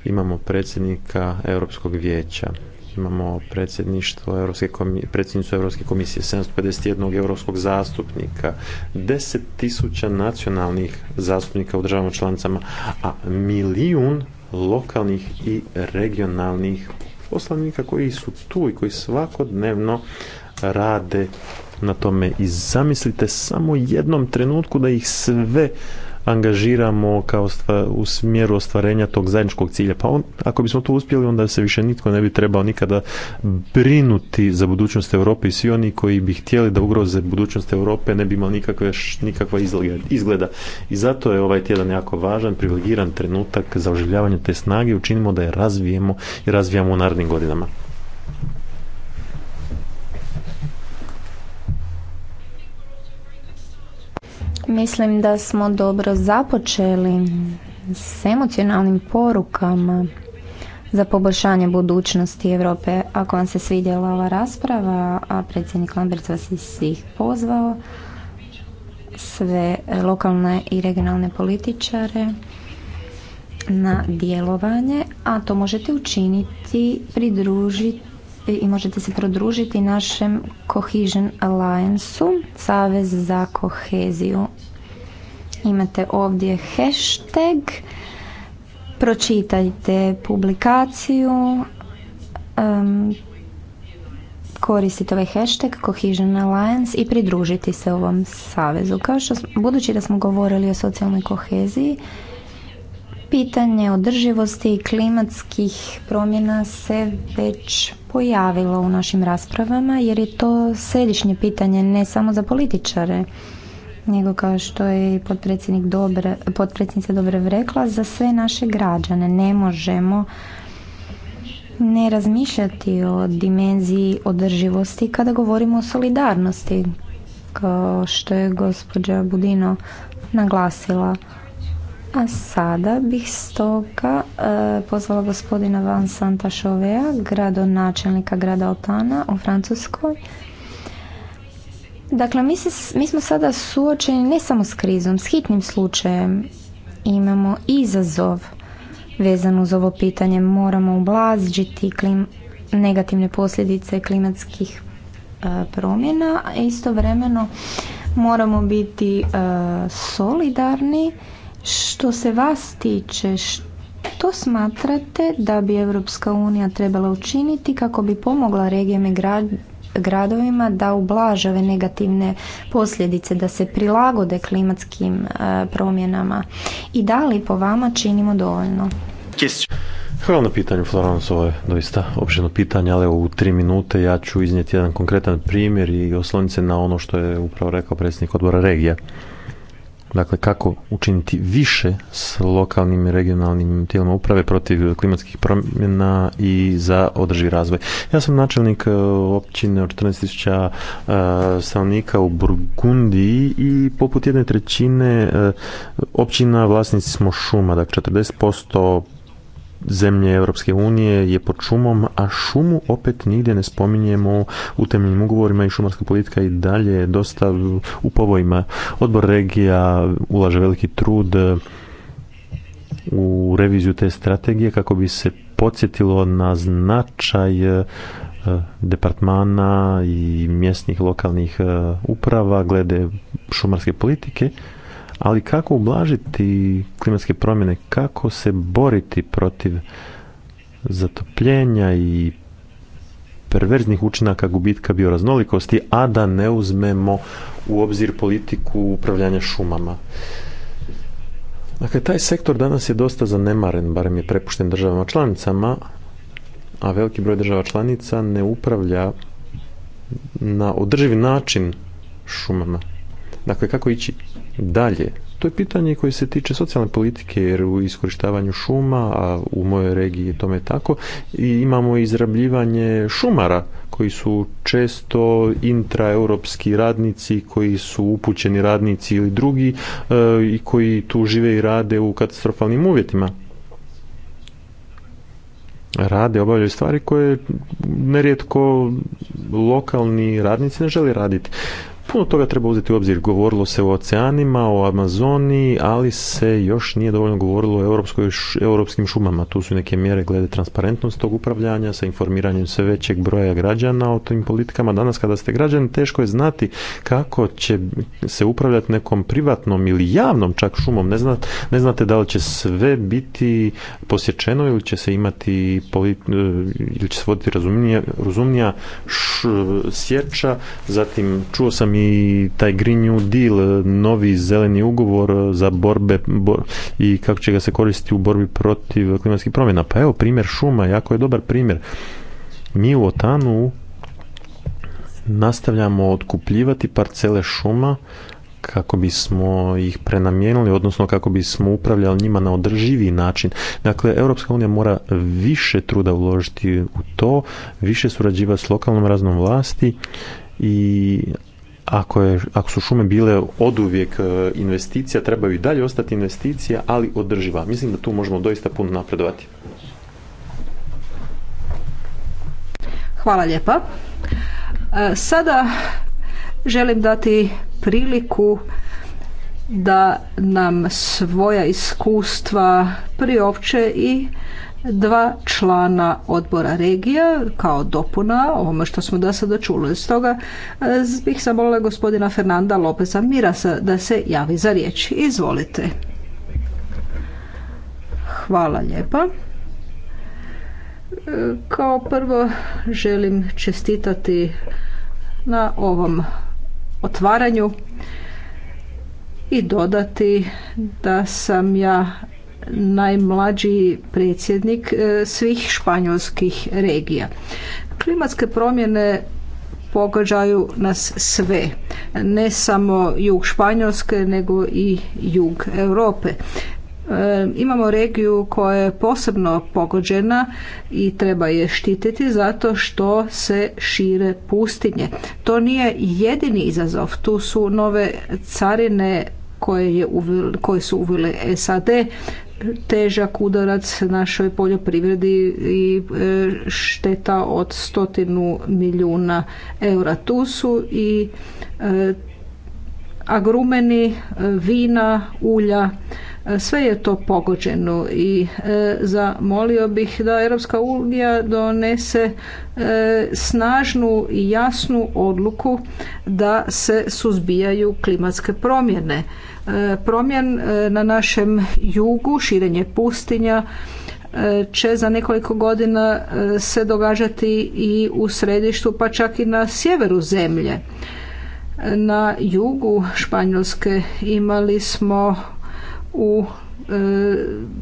Imamo predsjednika Europskog vijeća, imamo predsjedništvo Europske komisije, predsjednicu Europske komisije, 751 europskog zastupnika, 10.000 nacionalnih zastupnika u državama članicama, a milijun lokalnih i regionalnih poslanika koji su tu i koji svakodnevno rade na tome i zamislite samo jednom trenutku da ih sve angažiramo kao stvar u smjeru ostvarenja tog zajedničkog cilja. Pa ako bismo to uspjeli, onda se više nitko ne bi trebao nikada brinuti za budućnost Europe i svi oni koji bi htjeli da ugroze budućnost Europe ne bi imali nikakve, nikakva izgleda. I zato je ovaj tjedan jako važan, privilegiran trenutak za oživljavanje te snage. Učinimo da je razvijemo i razvijamo u narednim godinama. Mislim da smo dobro započeli s emocionalnim porukama za poboljšanje budućnosti Europe. Ako vam se svidjela ova rasprava, a predsjednik Lambert vas i svih pozvao, sve lokalne i regionalne političare na djelovanje, a to možete učiniti pridružiti i možete se prodružiti našem Cohesion Alliance-u, Savez za koheziju. Imate ovdje hashtag, pročitajte publikaciju, um, koristite ovaj hashtag Cohesion Alliance i pridružiti se ovom savezu. Kao što, budući da smo govorili o socijalnoj koheziji, Pitanje održivosti i klimatskih promjena se već pojavilo u našim raspravama jer je to središnje pitanje ne samo za političare, nego kao što je i potpredsjednik Dobre, potpredsjednica dobre rekla, za sve naše građane ne možemo ne razmišljati o dimenziji održivosti kada govorimo o solidarnosti, kao što je gospođa Budino naglasila. A sada bih stoga e, pozvala gospodina Van Santa Chauvea, gradonačelnika grada Otana u Francuskoj. Dakle, mi, se, mi smo sada suočeni ne samo s krizom, s hitnim slučajem. Imamo izazov vezan uz ovo pitanje. Moramo ublažiti klim, negativne posljedice klimatskih e, promjena, a istovremeno moramo biti e, solidarni što se vas tiče, što smatrate da bi Europska unija trebala učiniti kako bi pomogla regijama i gradovima da ublaže ove negativne posljedice, da se prilagode klimatskim e, promjenama i da li po vama činimo dovoljno? Hvala na pitanju, Florence, ovo je doista opšteno pitanje, ali u tri minute ja ću iznijeti jedan konkretan primjer i osloniti se na ono što je upravo rekao predsjednik odbora regija. Dakle, kako učiniti više s lokalnim i regionalnim tijelima uprave protiv klimatskih promjena i za održivi razvoj. Ja sam načelnik e, općine od 14.000 e, stanovnika u Burgundiji i poput jedne trećine e, općina vlasnici smo šuma, dakle 40% zemlje Europske unije je pod šumom, a šumu opet nigdje ne spominjemo u temeljnim ugovorima i šumarska politika i dalje je dosta u povojima. Odbor regija ulaže veliki trud u reviziju te strategije kako bi se podsjetilo na značaj e, departmana i mjesnih lokalnih e, uprava glede šumarske politike ali kako ublažiti klimatske promjene, kako se boriti protiv zatopljenja i perverznih učinaka gubitka bioraznolikosti, a da ne uzmemo u obzir politiku upravljanja šumama. Dakle, taj sektor danas je dosta zanemaren, barem je prepušten državama članicama, a veliki broj država članica ne upravlja na održivi način šumama. Dakle, kako ići Dalje, to je pitanje koje se tiče socijalne politike jer u iskorištavanju šuma, a u mojoj regiji je tome tako, i imamo izrabljivanje šumara koji su često intraeuropski radnici, koji su upućeni radnici ili drugi e, i koji tu žive i rade u katastrofalnim uvjetima. Rade, obavljaju stvari koje nerijetko lokalni radnici ne žele raditi. Puno toga treba uzeti u obzir. Govorilo se o oceanima, o Amazoni, ali se još nije dovoljno govorilo o europskoj, europskim šumama. Tu su neke mjere glede transparentnost tog upravljanja, sa informiranjem sve većeg broja građana o tim politikama. Danas kada ste građani, teško je znati kako će se upravljati nekom privatnom ili javnom čak šumom. Ne, znate, da li će sve biti posječeno ili će se imati e, ili će se voditi razumnija, razumnija e, Zatim čuo sam i taj Green New Deal, novi zeleni ugovor za borbe i kako će ga se koristiti u borbi protiv klimatskih promjena. Pa evo primjer šuma, jako je dobar primjer. Mi u Otanu nastavljamo otkupljivati parcele šuma kako bismo ih prenamijenili, odnosno kako bismo upravljali njima na održiviji način. Dakle, Europska unija mora više truda uložiti u to, više surađivati s lokalnom raznom vlasti i ako, je, ako su šume bile oduvijek e, investicija, trebaju i dalje ostati investicija, ali održiva. Mislim da tu možemo doista puno napredovati. Hvala lijepa. E, sada želim dati priliku da nam svoja iskustva priopće i dva člana odbora regija kao dopuna ovome što smo do sada čuli. Stoga e, bih zamolila gospodina Fernanda Lopeza Mirasa da se javi za riječ. Izvolite. Hvala lijepa. E, kao prvo želim čestitati na ovom otvaranju i dodati da sam ja najmlađi predsjednik e, svih španjolskih regija. Klimatske promjene pogađaju nas sve, ne samo jug Španjolske, nego i jug Europe. E, imamo regiju koja je posebno pogođena i treba je štititi zato što se šire pustinje. To nije jedini izazov, tu su nove carine koje, su uvile SAD, težak udarac našoj poljoprivredi i e, šteta od stotinu milijuna eura. Tu su i e, agrumeni, vina, ulja, sve je to pogođeno i e, zamolio bih da Europska unija donese e, snažnu i jasnu odluku da se suzbijaju klimatske promjene. E, promjen na našem jugu, širenje pustinja, će za nekoliko godina se događati i u središtu, pa čak i na sjeveru zemlje. Na jugu Španjolske imali smo u e,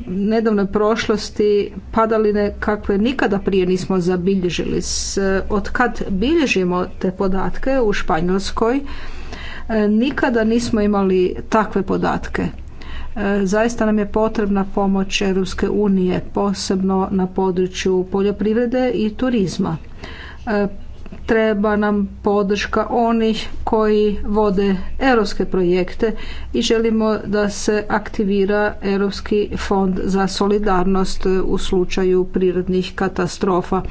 nedavnoj prošlosti padaline kakve nikada prije nismo zabilježili. od kad bilježimo te podatke u Španjolskoj e, nikada nismo imali takve podatke. E, zaista nam je potrebna pomoć Europske unije, posebno na području poljoprivrede i turizma treba nam podrška onih koji vode europske projekte i želimo da se aktivira Europski fond za solidarnost u slučaju prirodnih katastrofa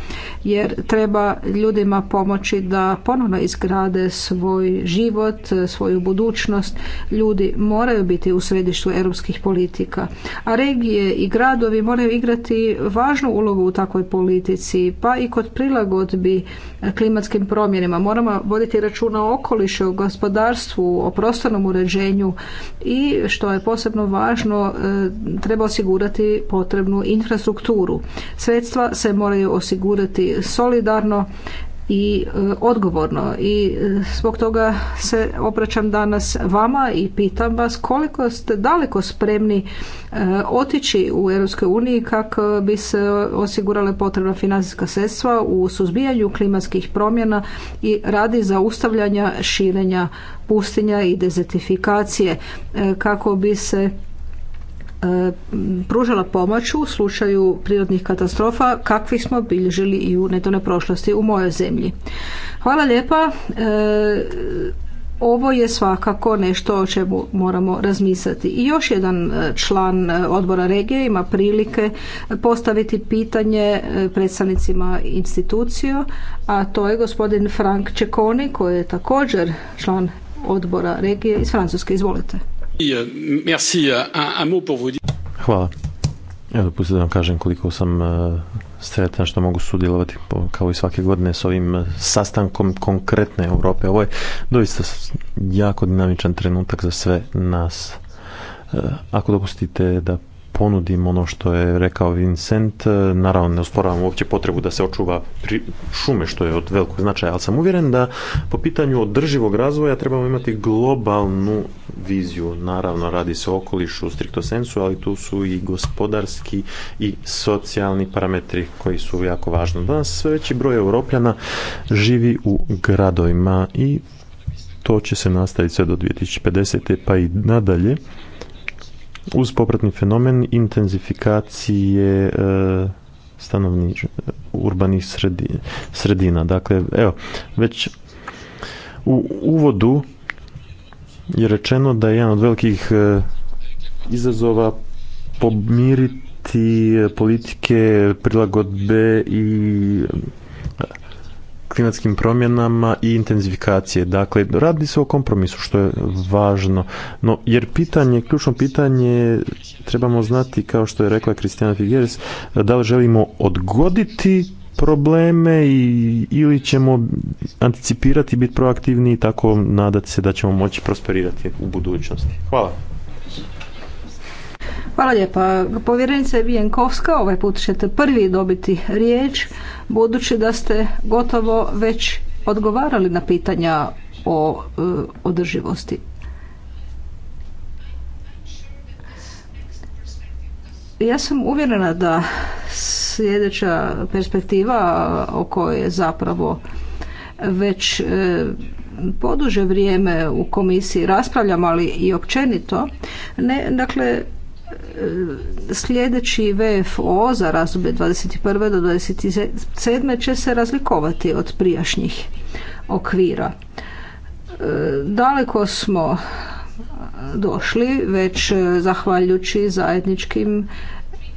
jer treba ljudima pomoći da ponovno izgrade svoj život, svoju budućnost. Ljudi moraju biti u središtu europskih politika, a regije i gradovi moraju igrati važnu ulogu u takvoj politici, pa i kod prilagodbi klimatskim promjenama. Moramo voditi računa o okolišu, o gospodarstvu, o prostornom uređenju i što je posebno važno e, treba osigurati potrebnu infrastrukturu. Sredstva se moraju osigurati solidarno i e, odgovorno i e, zbog toga se obraćam danas vama i pitam vas koliko ste daleko spremni e, otići u Europskoj uniji kako bi se osigurale potrebna financijska sredstva u suzbijanju klimatskih promjena i radi zaustavljanja širenja pustinja i dezertifikacije kako bi se E, pružala pomoć u slučaju prirodnih katastrofa kakvi smo bilježili i u nedone prošlosti u mojoj zemlji. Hvala lijepa. E, ovo je svakako nešto o čemu moramo razmisliti. I još jedan e, član odbora regije ima prilike postaviti pitanje predstavnicima institucija, a to je gospodin Frank Čekoni koji je također član odbora regije iz Francuske. Izvolite. Euh, Hvala. Evo, dopustite da vam kažem koliko sam e, sretan što mogu sudjelovati kao i svake godine s ovim e, sastankom konkretne Europe. Ovo je doista jako dinamičan trenutak za sve nas. E, ako dopustite da ponudim ono što je rekao Vincent. E, naravno, ne osporavam uopće potrebu da se očuva šume, što je od velikog značaja, ali sam uvjeren da po pitanju održivog razvoja trebamo imati globalnu viziju. Naravno, radi se o okolišu, strikto sensu, ali tu su i gospodarski i socijalni parametri koji su jako važni. Danas sve veći broj europljana živi u gradovima i to će se nastaviti sve do 2050. pa i nadalje uz popratni fenomen intenzifikacije e, stanovni urbanih sredina, sredina. Dakle, evo, već u uvodu je rečeno da je jedan od velikih e, izazova pomiriti politike prilagodbe i klimatskim promjenama i intenzifikacije. Dakle, radi se o kompromisu, što je važno. No, jer pitanje, ključno pitanje, trebamo znati, kao što je rekla Kristijana Figueres, da li želimo odgoditi probleme i, ili ćemo anticipirati, biti proaktivni i tako nadati se da ćemo moći prosperirati u budućnosti. Hvala. Hvala lijepa. Povjerenica je Vijenkovska, ovaj put ćete prvi dobiti riječ, budući da ste gotovo već odgovarali na pitanja o e, održivosti. Ja sam uvjerena da sljedeća perspektiva o kojoj je zapravo već e, poduže vrijeme u komisiji raspravljamo, ali i općenito, ne, dakle, sljedeći VFO za razdoblje 21. do 27. će se razlikovati od prijašnjih okvira. E, daleko smo došli već zahvaljujući zajedničkim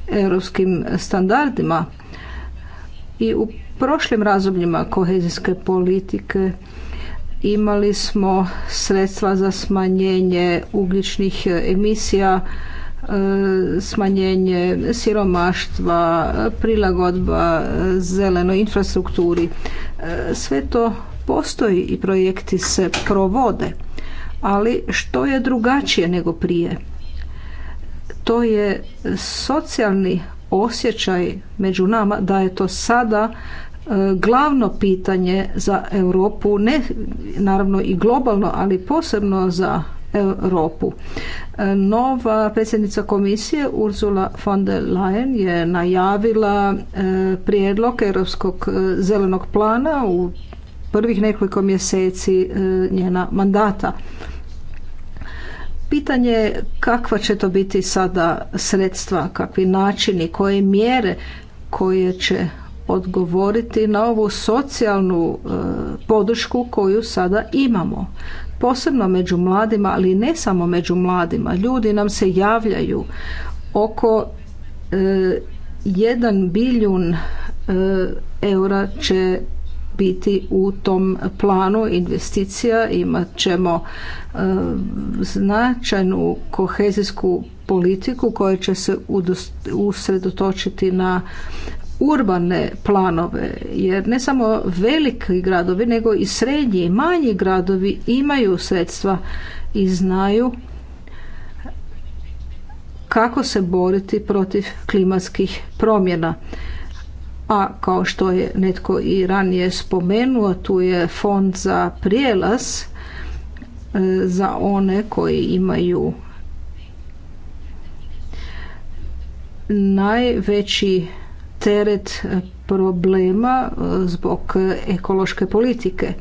europskim standardima i u prošlim razdobljima kohezijske politike imali smo sredstva za smanjenje ugljičnih emisija E, smanjenje siromaštva, prilagodba e, zelenoj infrastrukturi. E, sve to postoji i projekti se provode, ali što je drugačije nego prije? To je socijalni osjećaj među nama da je to sada glavno pitanje za Europu, ne naravno i globalno, ali posebno za Europu. E, nova predsjednica komisije Ursula von der Leyen je najavila e, prijedlog Europskog e, zelenog plana u prvih nekoliko mjeseci njena mandata. Pitanje je kakva će to biti sada sredstva, kakvi načini, koje mjere koje će odgovoriti na ovu socijalnu podršku koju sada imamo posebno među mladima, ali ne samo među mladima. Ljudi nam se javljaju oko e, jedan biljun e, eura će biti u tom planu investicija. Imat ćemo e, značajnu kohezijsku politiku koja će se usredotočiti na urbane planove jer ne samo veliki gradovi nego i srednji i manji gradovi imaju sredstva i znaju kako se boriti protiv klimatskih promjena. A kao što je netko i ranije spomenuo, tu je fond za prijelaz e, za one koji imaju najveći teret e, problema e, zbog ekološke politike.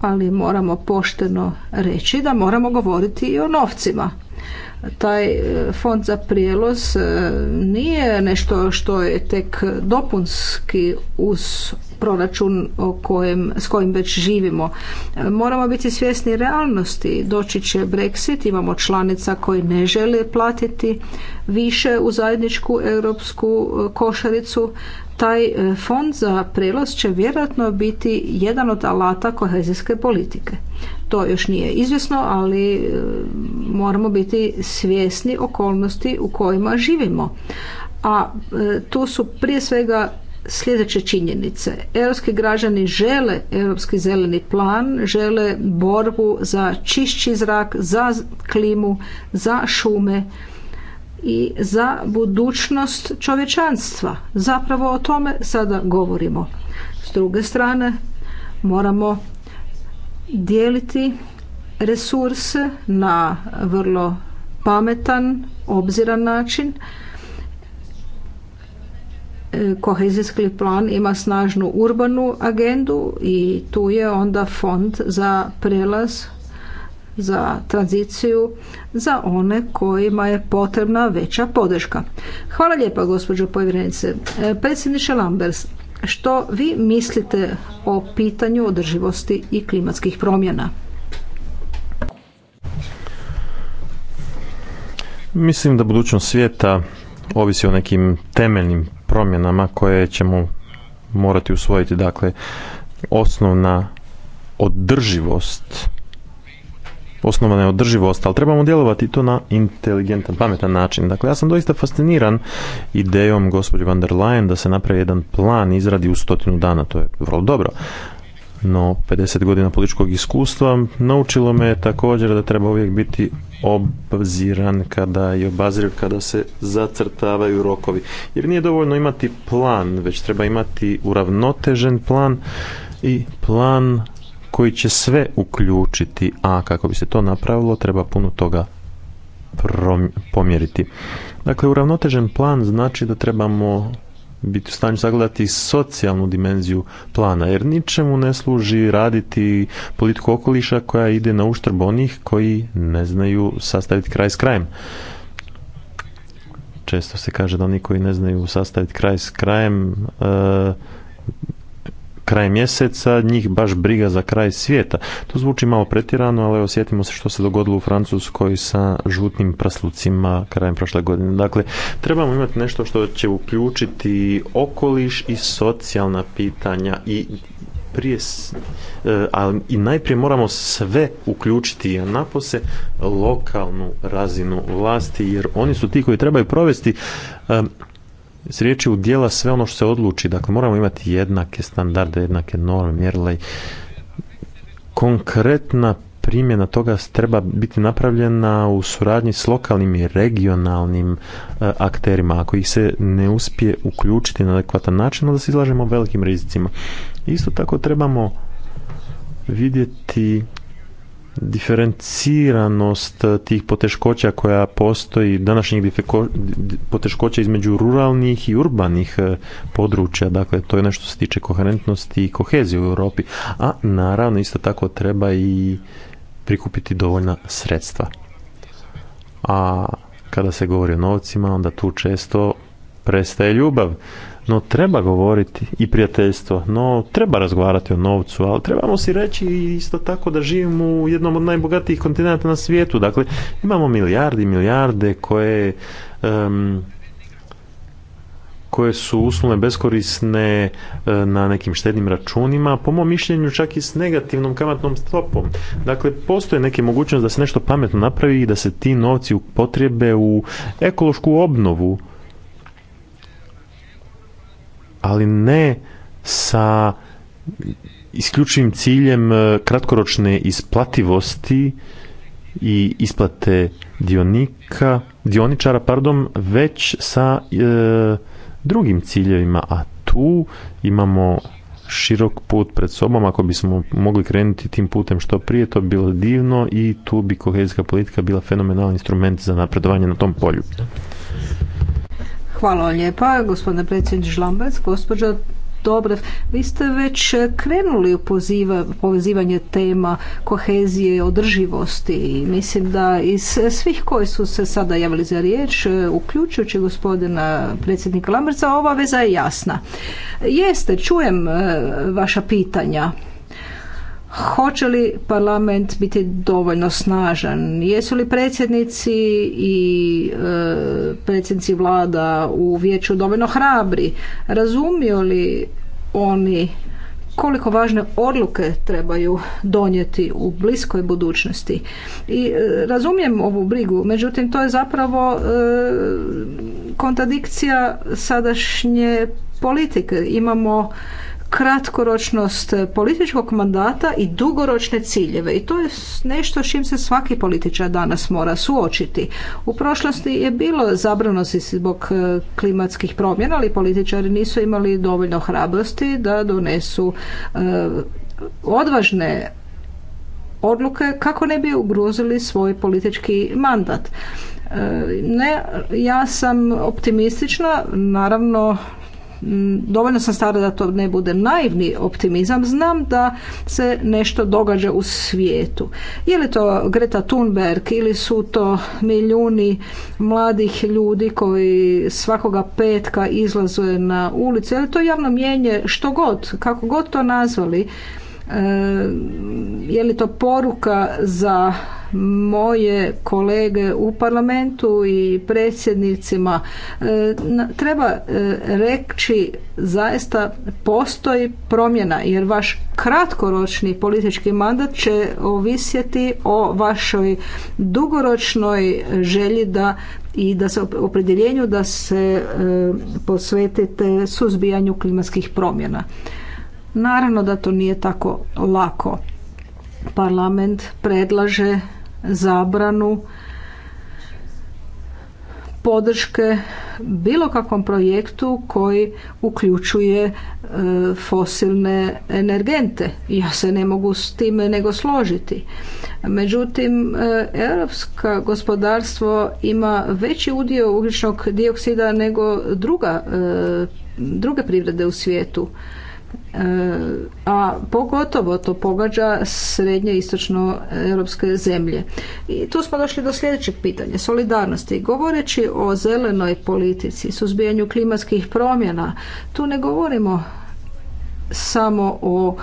Ali moramo pošteno reći da moramo govoriti i o novcima taj e, fond za prijelos e, nije nešto što je tek dopunski uz proračun kojem, s kojim već živimo. E, moramo biti svjesni realnosti. Doći će Brexit, imamo članica koji ne žele platiti više u zajedničku europsku košaricu. Taj e, fond za prelaz će vjerojatno biti jedan od alata kohezijske politike. To još nije izvjesno, ali e, moramo biti svjesni okolnosti u kojima živimo. A e, tu su prije svega sljedeće činjenice. Europski građani žele europski zeleni plan, žele borbu za čišći zrak, za klimu, za šume i za budućnost čovječanstva. Zapravo o tome sada govorimo. S druge strane, moramo dijeliti resurse na vrlo pametan, obziran način. E, kohezijski plan ima snažnu urbanu agendu i tu je onda fond za prelaz za tranziciju za one kojima je potrebna veća podrška. Hvala lijepa gospođo povjerenice. E, predsjedniče Lambers, što vi mislite o pitanju održivosti i klimatskih promjena? Mislim da budućnost svijeta ovisi o nekim temeljnim promjenama koje ćemo morati usvojiti. Dakle, osnovna održivost osnovana je održivost, ali trebamo djelovati to na inteligentan, pametan način. Dakle, ja sam doista fasciniran idejom gospođe van der Leyen da se napravi jedan plan izradi u stotinu dana, to je vrlo dobro. No, 50 godina političkog iskustva naučilo me također da treba uvijek biti obziran kada i obazriv kada se zacrtavaju rokovi. Jer nije dovoljno imati plan, već treba imati uravnotežen plan i plan koji će sve uključiti, a kako bi se to napravilo treba puno toga pomjeriti. Dakle, uravnotežen plan znači da trebamo biti u stanju sagledati socijalnu dimenziju plana, jer ničemu ne služi raditi politiku okoliša koja ide na uštrb onih koji ne znaju sastaviti kraj s krajem. Često se kaže da oni koji ne znaju sastaviti kraj s krajem e, kraj mjeseca, njih baš briga za kraj svijeta. To zvuči malo pretjerano, ali osjetimo se što se dogodilo u Francuskoj sa žutnim praslucima krajem prošle godine. Dakle, trebamo imati nešto što će uključiti okoliš i socijalna pitanja i prije, e, ali i najprije moramo sve uključiti a napose lokalnu razinu vlasti jer oni su ti koji trebaju provesti e, s riječi u dijela sve ono što se odluči. Dakle, moramo imati jednake standarde, jednake norme, mjerila konkretna primjena toga treba biti napravljena u suradnji s lokalnim i regionalnim e, akterima. Ako ih se ne uspije uključiti na adekvatan način, onda se izlažemo velikim rizicima. Isto tako trebamo vidjeti diferenciranost eh, tih poteškoća koja postoji, današnjih poteškoća između ruralnih i urbanih eh, područja, dakle to je nešto se tiče koherentnosti i kohezije u Europi, a naravno isto tako treba i prikupiti dovoljna sredstva. A kada se govori o novcima, onda tu često prestaje ljubav no treba govoriti i prijateljstvo, no treba razgovarati o novcu, ali trebamo si reći isto tako da živimo u jednom od najbogatijih kontinenta na svijetu. Dakle, imamo milijardi i milijarde koje koje su uslovne beskorisne e, na nekim štednim računima, po mom mišljenju čak i s negativnom kamatnom stopom. Dakle, postoje neke mogućnosti da se nešto pametno napravi i da se ti novci upotrijebe u ekološku obnovu ali ne sa isključivim ciljem e, kratkoročne isplativosti i isplate dionika, dioničara, pardon, već sa e, drugim ciljevima, a tu imamo širok put pred sobom, ako bismo mogli krenuti tim putem što prije, to bi bilo divno i tu bi kohezijska politika bila fenomenalan instrument za napredovanje na tom polju. Hvala vam lijepa, gospodine predsjedniče Žlambac, gospođo Dobrev, Vi ste već krenuli u povezivanje tema kohezije i održivosti i mislim da iz svih koji su se sada javili za riječ, uključujući gospodina predsjednika Lamberca ova veza je jasna. Jeste, čujem eh, vaša pitanja Hoće li parlament biti dovoljno snažan? Jesu li predsjednici i e, predsjednici vlada u vijeću dovoljno hrabri? Razumiju li oni koliko važne odluke trebaju donijeti u bliskoj budućnosti. I e, razumijem ovu brigu, međutim to je zapravo e, kontradikcija sadašnje politike. Imamo kratkoročnost političkog mandata i dugoročne ciljeve i to je nešto s čim se svaki političar danas mora suočiti. U prošlosti je bilo zabranosti zbog e, klimatskih promjena, ali političari nisu imali dovoljno hrabrosti da donesu e, odvažne odluke kako ne bi ugrozili svoj politički mandat. E, ne, ja sam optimistična, naravno dovoljno sam stara da to ne bude naivni optimizam, znam da se nešto događa u svijetu. Je li to Greta Thunberg ili su to milijuni mladih ljudi koji svakoga petka izlaze na ulicu, je li to javno mijenje što god, kako god to nazvali, E, je li to poruka za moje kolege u parlamentu i predsjednicima e, treba e, reći zaista postoji promjena jer vaš kratkoročni politički mandat će ovisjeti o vašoj dugoročnoj želji da i da se opredjeljenju da se posvetite suzbijanju klimatskih promjena. Naravno da to nije tako lako. Parlament predlaže zabranu podrške bilo kakvom projektu koji uključuje e, fosilne energente. Ja se ne mogu s time nego složiti. Međutim, e, europsko gospodarstvo ima veći udio ugljičnog dioksida nego druga, e, druge privrede u svijetu. E, a pogotovo to pogađa srednje istočno europske zemlje. I tu smo došli do sljedećeg pitanja, solidarnosti. Govoreći o zelenoj politici, suzbijanju klimatskih promjena, tu ne govorimo samo o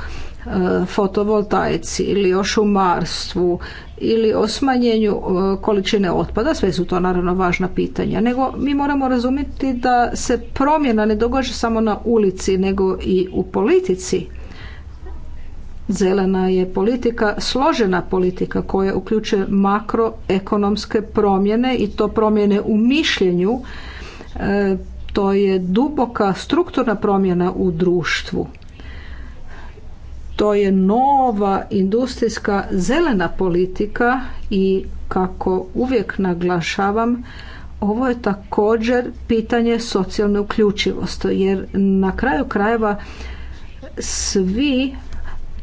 E, fotovoltajci ili o šumarstvu ili o smanjenju e, količine otpada, sve su to naravno važna pitanja, nego mi moramo razumjeti da se promjena ne događa samo na ulici, nego i u politici. Zelena je politika složena politika koja uključuje makroekonomske promjene i to promjene u mišljenju. E, to je duboka strukturna promjena u društvu to je nova industrijska zelena politika i kako uvijek naglašavam, ovo je također pitanje socijalne uključivosti jer na kraju krajeva svi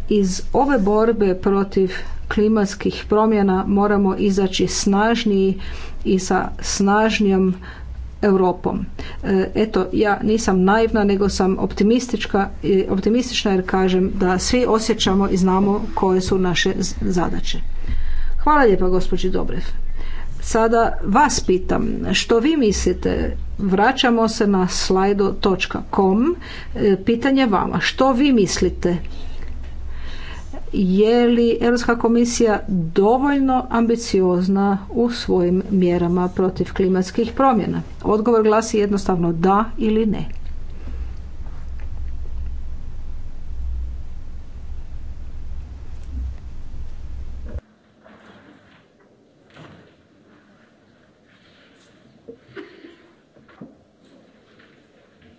iz ove borbe protiv klimatskih promjena moramo izaći snažniji i sa snažnijom Europom. E, eto, ja nisam naivna, nego sam optimistička, e, optimistična jer kažem da svi osjećamo i znamo koje su naše zadaće. Hvala lijepa gospođi Dobrev. Sada vas pitam, što vi mislite, vraćamo se na slajdo.com, e, pitanje vama, što vi mislite, je li Europska komisija dovoljno ambiciozna u svojim mjerama protiv klimatskih promjena? Odgovor glasi jednostavno da ili ne.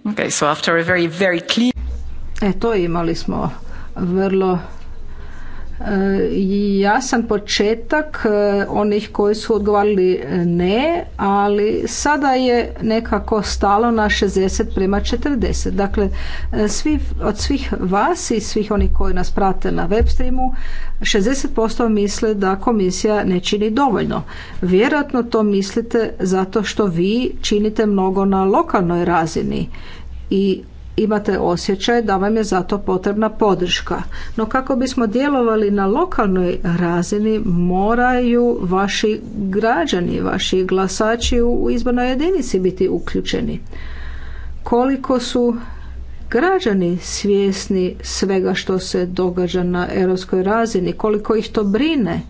Okay, so after a very, very e, to imali smo vrlo ja sam početak e, onih koji su odgovarali e, ne, ali sada je nekako stalo na 60 prema 40. Dakle, e, svi, od svih vas i svih onih koji nas prate na web streamu, 60% misle da komisija ne čini dovoljno. Vjerojatno to mislite zato što vi činite mnogo na lokalnoj razini i imate osjećaj da vam je zato potrebna podrška. No kako bismo djelovali na lokalnoj razini moraju vaši građani, vaši glasači u izbornoj jedinici biti uključeni. Koliko su građani svjesni svega što se događa na europskoj razini, koliko ih to brine,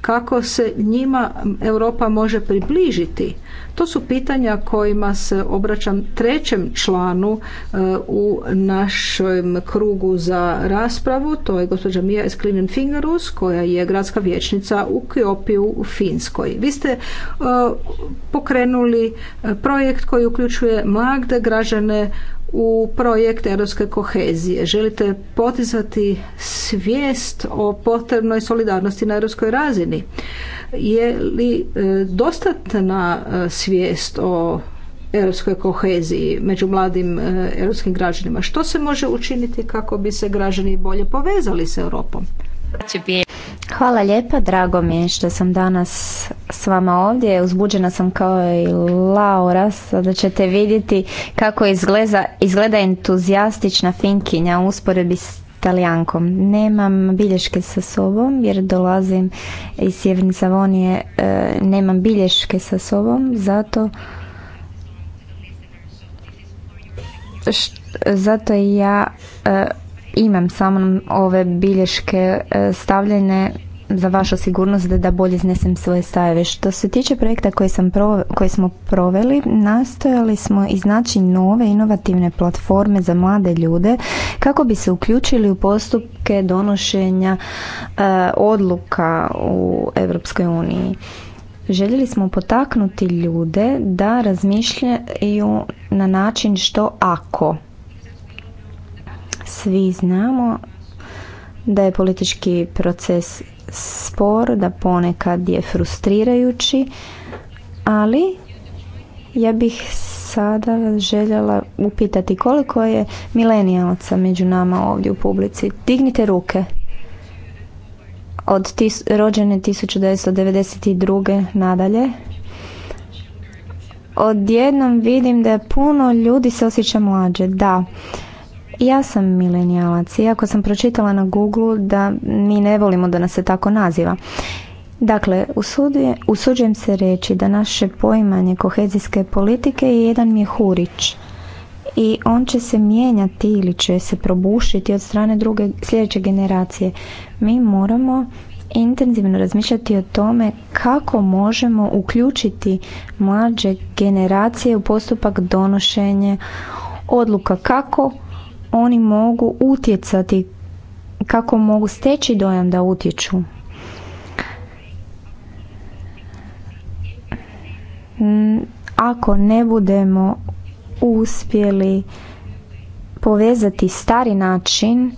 kako se njima Europa može približiti. To su pitanja kojima se obraćam trećem članu e, u našem krugu za raspravu, to je gospođa Mija Esklinen Fingerus koja je gradska vječnica u Kiopiju u Finskoj. Vi ste e, pokrenuli projekt koji uključuje mlade građane u projekt europske kohezije. Želite potizati svijest o potrebnoj solidarnosti na europskoj razini. Je li e, dostatna e, svijest o europskoj koheziji među mladim e, europskim građanima? Što se može učiniti kako bi se građani bolje povezali s Europom? Hvala lijepa, drago mi je što sam danas s vama ovdje. Uzbuđena sam kao i Laura, sada ćete vidjeti kako izgleda, izgleda entuzijastična finkinja u usporedbi s talijankom Nemam bilješke sa sobom jer dolazim iz Sjeverne Savonije, e, nemam bilješke sa sobom, zato zato ja e, imam samo ove bilješke e, stavljene za vašu sigurnost da, da bolje iznesem svoje stajeve. Što se tiče projekta koji, sam smo proveli, nastojali smo iznaći nove inovativne platforme za mlade ljude kako bi se uključili u postupke donošenja e, odluka u Europskoj uniji. Željeli smo potaknuti ljude da razmišljaju na način što ako svi znamo da je politički proces spor, da ponekad je frustrirajući, ali ja bih sada željela upitati koliko je milenijalca među nama ovdje u publici. Dignite ruke. Od tis, rođene 1992. nadalje. Odjednom vidim da je puno ljudi se osjeća mlađe. Da, ja sam milenijalac, iako sam pročitala na Google da mi ne volimo da nas se tako naziva. Dakle, usuđujem se reći da naše poimanje kohezijske politike je jedan mjehurić i on će se mijenjati ili će se probušiti od strane druge sljedeće generacije. Mi moramo intenzivno razmišljati o tome kako možemo uključiti mlađe generacije u postupak donošenja odluka kako oni mogu utjecati, kako mogu steći dojam da utječu. Mm, ako ne budemo uspjeli povezati stari način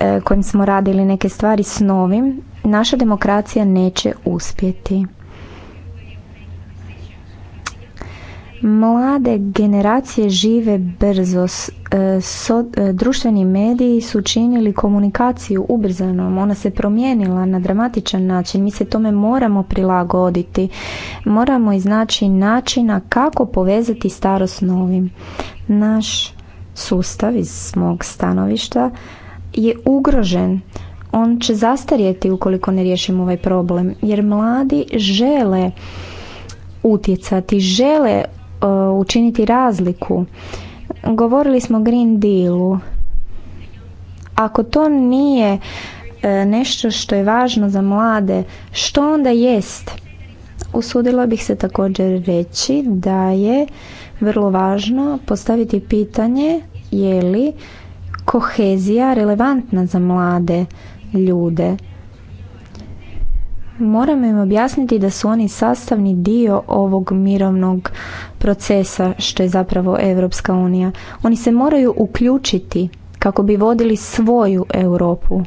e, kojim smo radili neke stvari s novim, naša demokracija neće uspjeti. Mlade generacije žive brzo. E, e, društveni mediji su činili komunikaciju ubrzanom. Ona se promijenila na dramatičan način. Mi se tome moramo prilagoditi. Moramo iznaći načina kako povezati starost s novim. Naš sustav iz mog stanovišta je ugrožen on će zastarjeti ukoliko ne riješimo ovaj problem jer mladi žele utjecati, žele E, učiniti razliku. Govorili smo o Green Dealu. Ako to nije e, nešto što je važno za mlade, što onda jest? Usudila bih se također reći da je vrlo važno postaviti pitanje je li kohezija relevantna za mlade ljude Moram im objasniti da su oni sastavni dio ovog mirovnog procesa što je zapravo Europska unija. Oni se moraju uključiti kako bi vodili svoju Europu,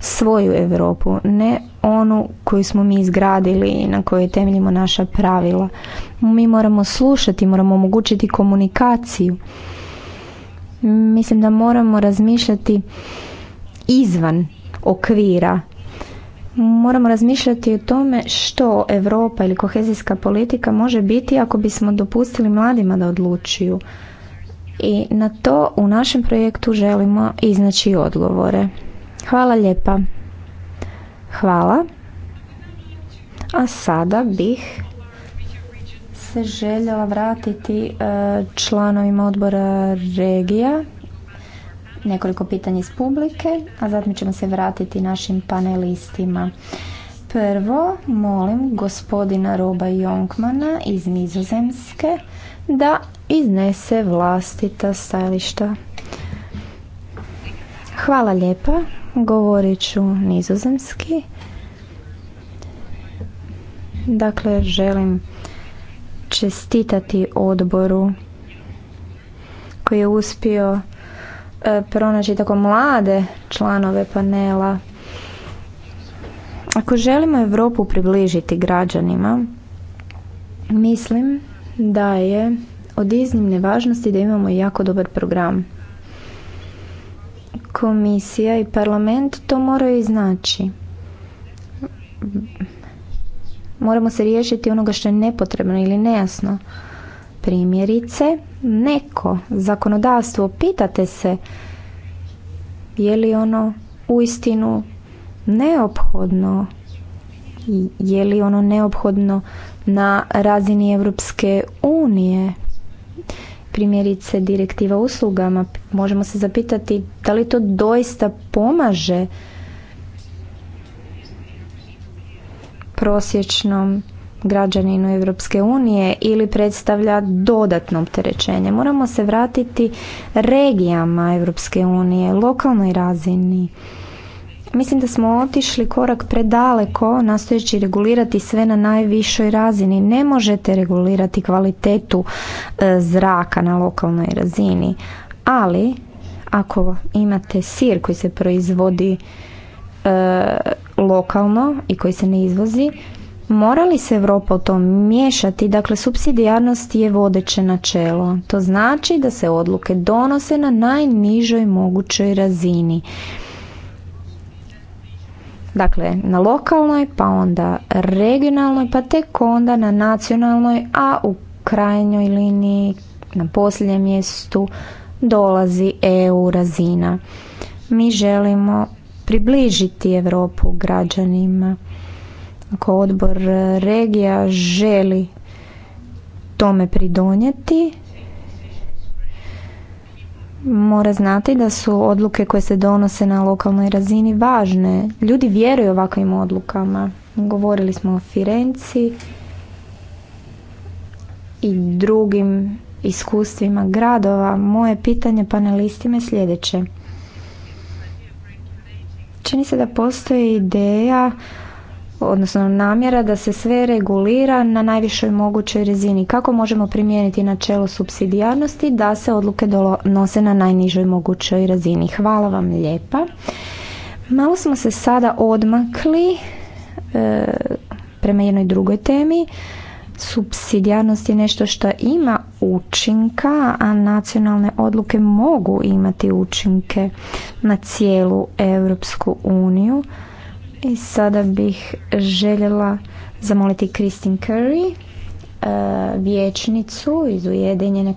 svoju Europu, ne onu koju smo mi izgradili i na kojoj temeljimo naša pravila. Mi moramo slušati, moramo omogućiti komunikaciju. Mislim da moramo razmišljati izvan okvira moramo razmišljati o tome što Europa ili kohezijska politika može biti ako bismo dopustili mladima da odlučuju. I na to u našem projektu želimo iznaći odgovore. Hvala lijepa. Hvala. A sada bih se željela vratiti e, članovima odbora regija nekoliko pitanja iz publike, a zatim ćemo se vratiti našim panelistima. Prvo, molim gospodina Roba Jonkmana iz Nizozemske da iznese vlastita stajališta. Hvala lijepa, govorit ću nizozemski. Dakle, želim čestitati odboru koji je uspio E, pronaći tako mlade članove panela. Ako želimo Europu približiti građanima, mislim da je od iznimne važnosti da imamo jako dobar program. Komisija i parlament to moraju znači. Moramo se riješiti onoga što je nepotrebno ili nejasno. Primjerice, neko zakonodavstvo, pitate se je li ono uistinu neophodno je li ono neophodno na razini Europske unije. Primjerice direktiva uslugama, možemo se zapitati da li to doista pomaže prosječnom građaninu Europske unije ili predstavlja dodatno opterećenje. Moramo se vratiti regijama Europske unije, lokalnoj razini. Mislim da smo otišli korak predaleko nastojeći regulirati sve na najvišoj razini. Ne možete regulirati kvalitetu e, zraka na lokalnoj razini, ali ako imate sir koji se proizvodi e, lokalno i koji se ne izvozi Mora li se Evropa u to miješati? Dakle, subsidijarnost je vodeće načelo. To znači da se odluke donose na najnižoj mogućoj razini. Dakle, na lokalnoj, pa onda regionalnoj, pa tek onda na nacionalnoj, a u krajnjoj liniji, na posljednjem mjestu, dolazi EU razina. Mi želimo približiti Europu građanima ako odbor e, regija želi tome pridonijeti, mora znati da su odluke koje se donose na lokalnoj razini važne. Ljudi vjeruju ovakvim odlukama. Govorili smo o Firenci i drugim iskustvima gradova. Moje pitanje panelistima je sljedeće. Čini se da postoji ideja odnosno namjera da se sve regulira na najvišoj mogućoj razini. Kako možemo primijeniti načelo subsidijarnosti da se odluke donose na najnižoj mogućoj razini. Hvala vam lijepa. Malo smo se sada odmakli e, prema jednoj drugoj temi. Subsidijarnost je nešto što ima učinka, a nacionalne odluke mogu imati učinke na cijelu Europsku uniju. I sada bih željela zamoliti Kristin Curry, e, vječnicu iz Ujedinjene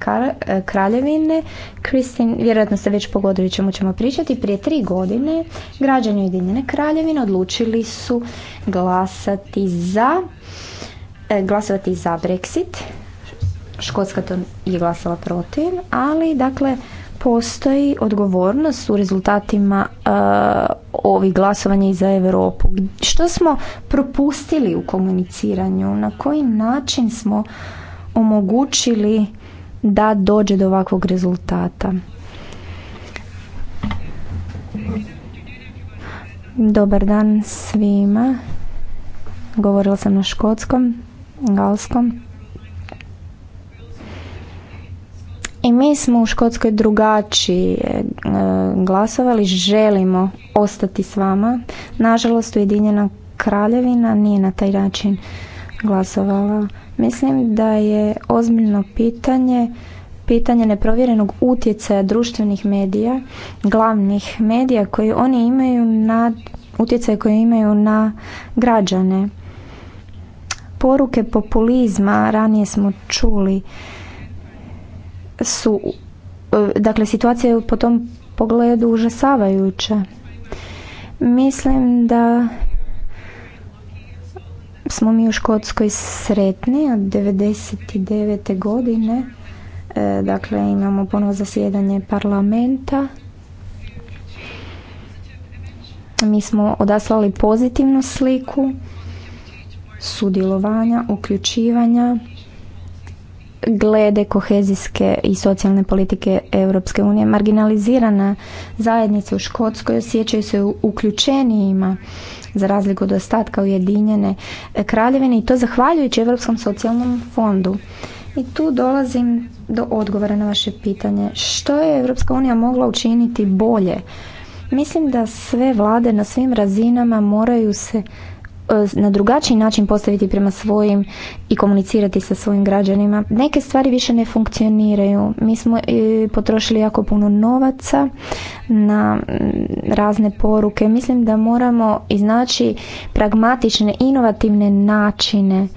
e, kraljevine. Kristin, vjerojatno ste već pogodili čemu ćemo pričati. Prije tri godine građani Ujedinjene kraljevine odlučili su glasati za e, glasovati za Brexit. Škotska to je glasala protiv, ali dakle postoji odgovornost u rezultatima e, ovih glasovanja i za Europu. Što smo propustili u komuniciranju? Na koji način smo omogućili da dođe do ovakvog rezultata? Dobar dan svima. Govorila sam na škotskom, galskom. I mi smo u Škotskoj drugačiji e, glasovali, želimo ostati s vama. Nažalost, Ujedinjena kraljevina nije na taj način glasovala. Mislim da je ozbiljno pitanje pitanje neprovjerenog utjecaja društvenih medija, glavnih medija koji oni imaju na utjecaj koji imaju na građane. Poruke populizma ranije smo čuli su, e, dakle situacija je po tom pogledu užasavajuća. Mislim da smo mi u Škotskoj sretni od 99. godine. E, dakle, imamo ponovo zasjedanje parlamenta. Mi smo odaslali pozitivnu sliku sudjelovanja, uključivanja glede kohezijske i socijalne politike Europske unije. Marginalizirana zajednica u Škotskoj osjećaju se uključenijima za razliku od ostatka Ujedinjene kraljevine i to zahvaljujući Europskom socijalnom fondu. I tu dolazim do odgovora na vaše pitanje. Što je Europska unija mogla učiniti bolje? Mislim da sve vlade na svim razinama moraju se Eh, na drugačiji način postaviti prema svojim i komunicirati sa svojim građanima. Neke stvari više ne funkcioniraju. Mi smo eh, potrošili jako puno novaca na mm, razne poruke. Mislim da moramo iznaći pragmatične, inovativne načine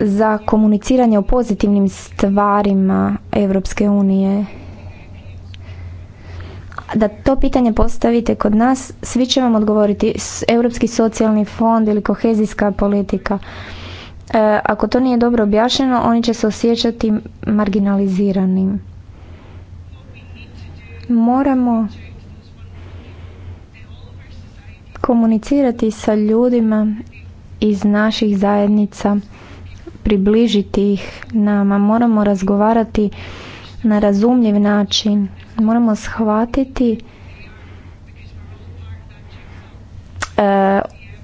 za komuniciranje o pozitivnim stvarima Europske unije da to pitanje postavite kod nas, svi će vam odgovoriti Europski socijalni fond ili kohezijska politika. E, ako to nije dobro objašnjeno, oni će se osjećati marginaliziranim. Moramo komunicirati sa ljudima iz naših zajednica, približiti ih nama, moramo razgovarati na razumljiv način moramo shvatiti e,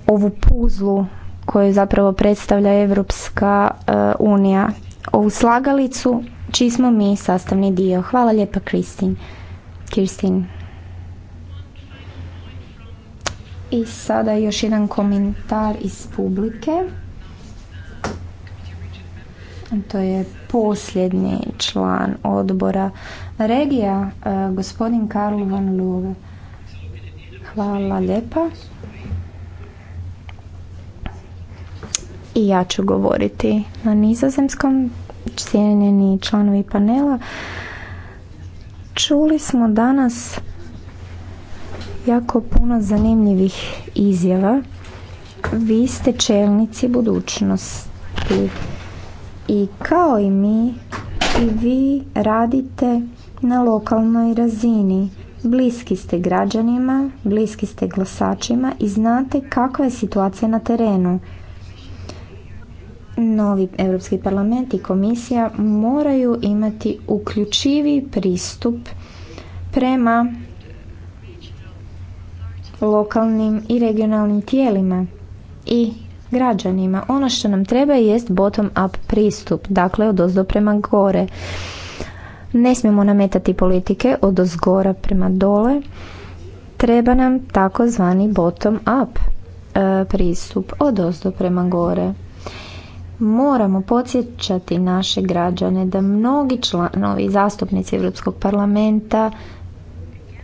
ovu puzlu koju zapravo predstavlja Evropska e, unija. Ovu slagalicu čiji smo mi sastavni dio. Hvala lijepa Kristin. Kirstin. I sada još jedan komentar iz publike to je posljednji član odbora regija, e, gospodin Karl van Luve. Hvala lijepa. I ja ću govoriti na nizozemskom, cijenjeni članovi panela. Čuli smo danas jako puno zanimljivih izjava. Vi ste čelnici budućnosti i kao i mi i vi radite na lokalnoj razini. Bliski ste građanima, bliski ste glasačima i znate kakva je situacija na terenu. Novi Europski parlament i komisija moraju imati uključivi pristup prema lokalnim i regionalnim tijelima i građanima. Ono što nam treba jest bottom-up pristup, dakle od ozdo prema gore. Ne smijemo nametati politike od ozgora prema dole. Treba nam takozvani bottom-up e, pristup od ozdo prema gore. Moramo podsjećati naše građane da mnogi članovi zastupnici Europskog parlamenta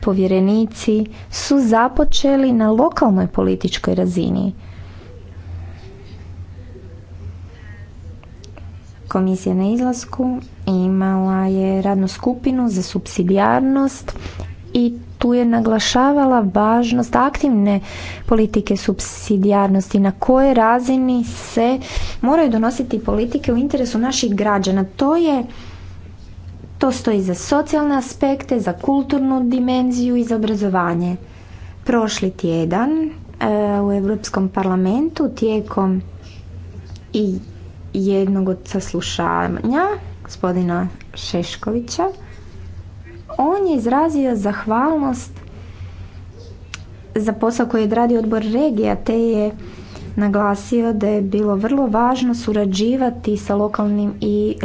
povjerenici su započeli na lokalnoj političkoj razini komisije na izlasku imala je radnu skupinu za subsidijarnost i tu je naglašavala važnost aktivne politike subsidijarnosti na kojoj razini se moraju donositi politike u interesu naših građana. To je to stoji za socijalne aspekte, za kulturnu dimenziju i za obrazovanje. Prošli tjedan e, u Europskom parlamentu tijekom i jednog od saslušanja, gospodina Šeškovića, on je izrazio zahvalnost za posao koji je radio odbor regija, te je naglasio da je bilo vrlo važno surađivati sa lokalnim i e,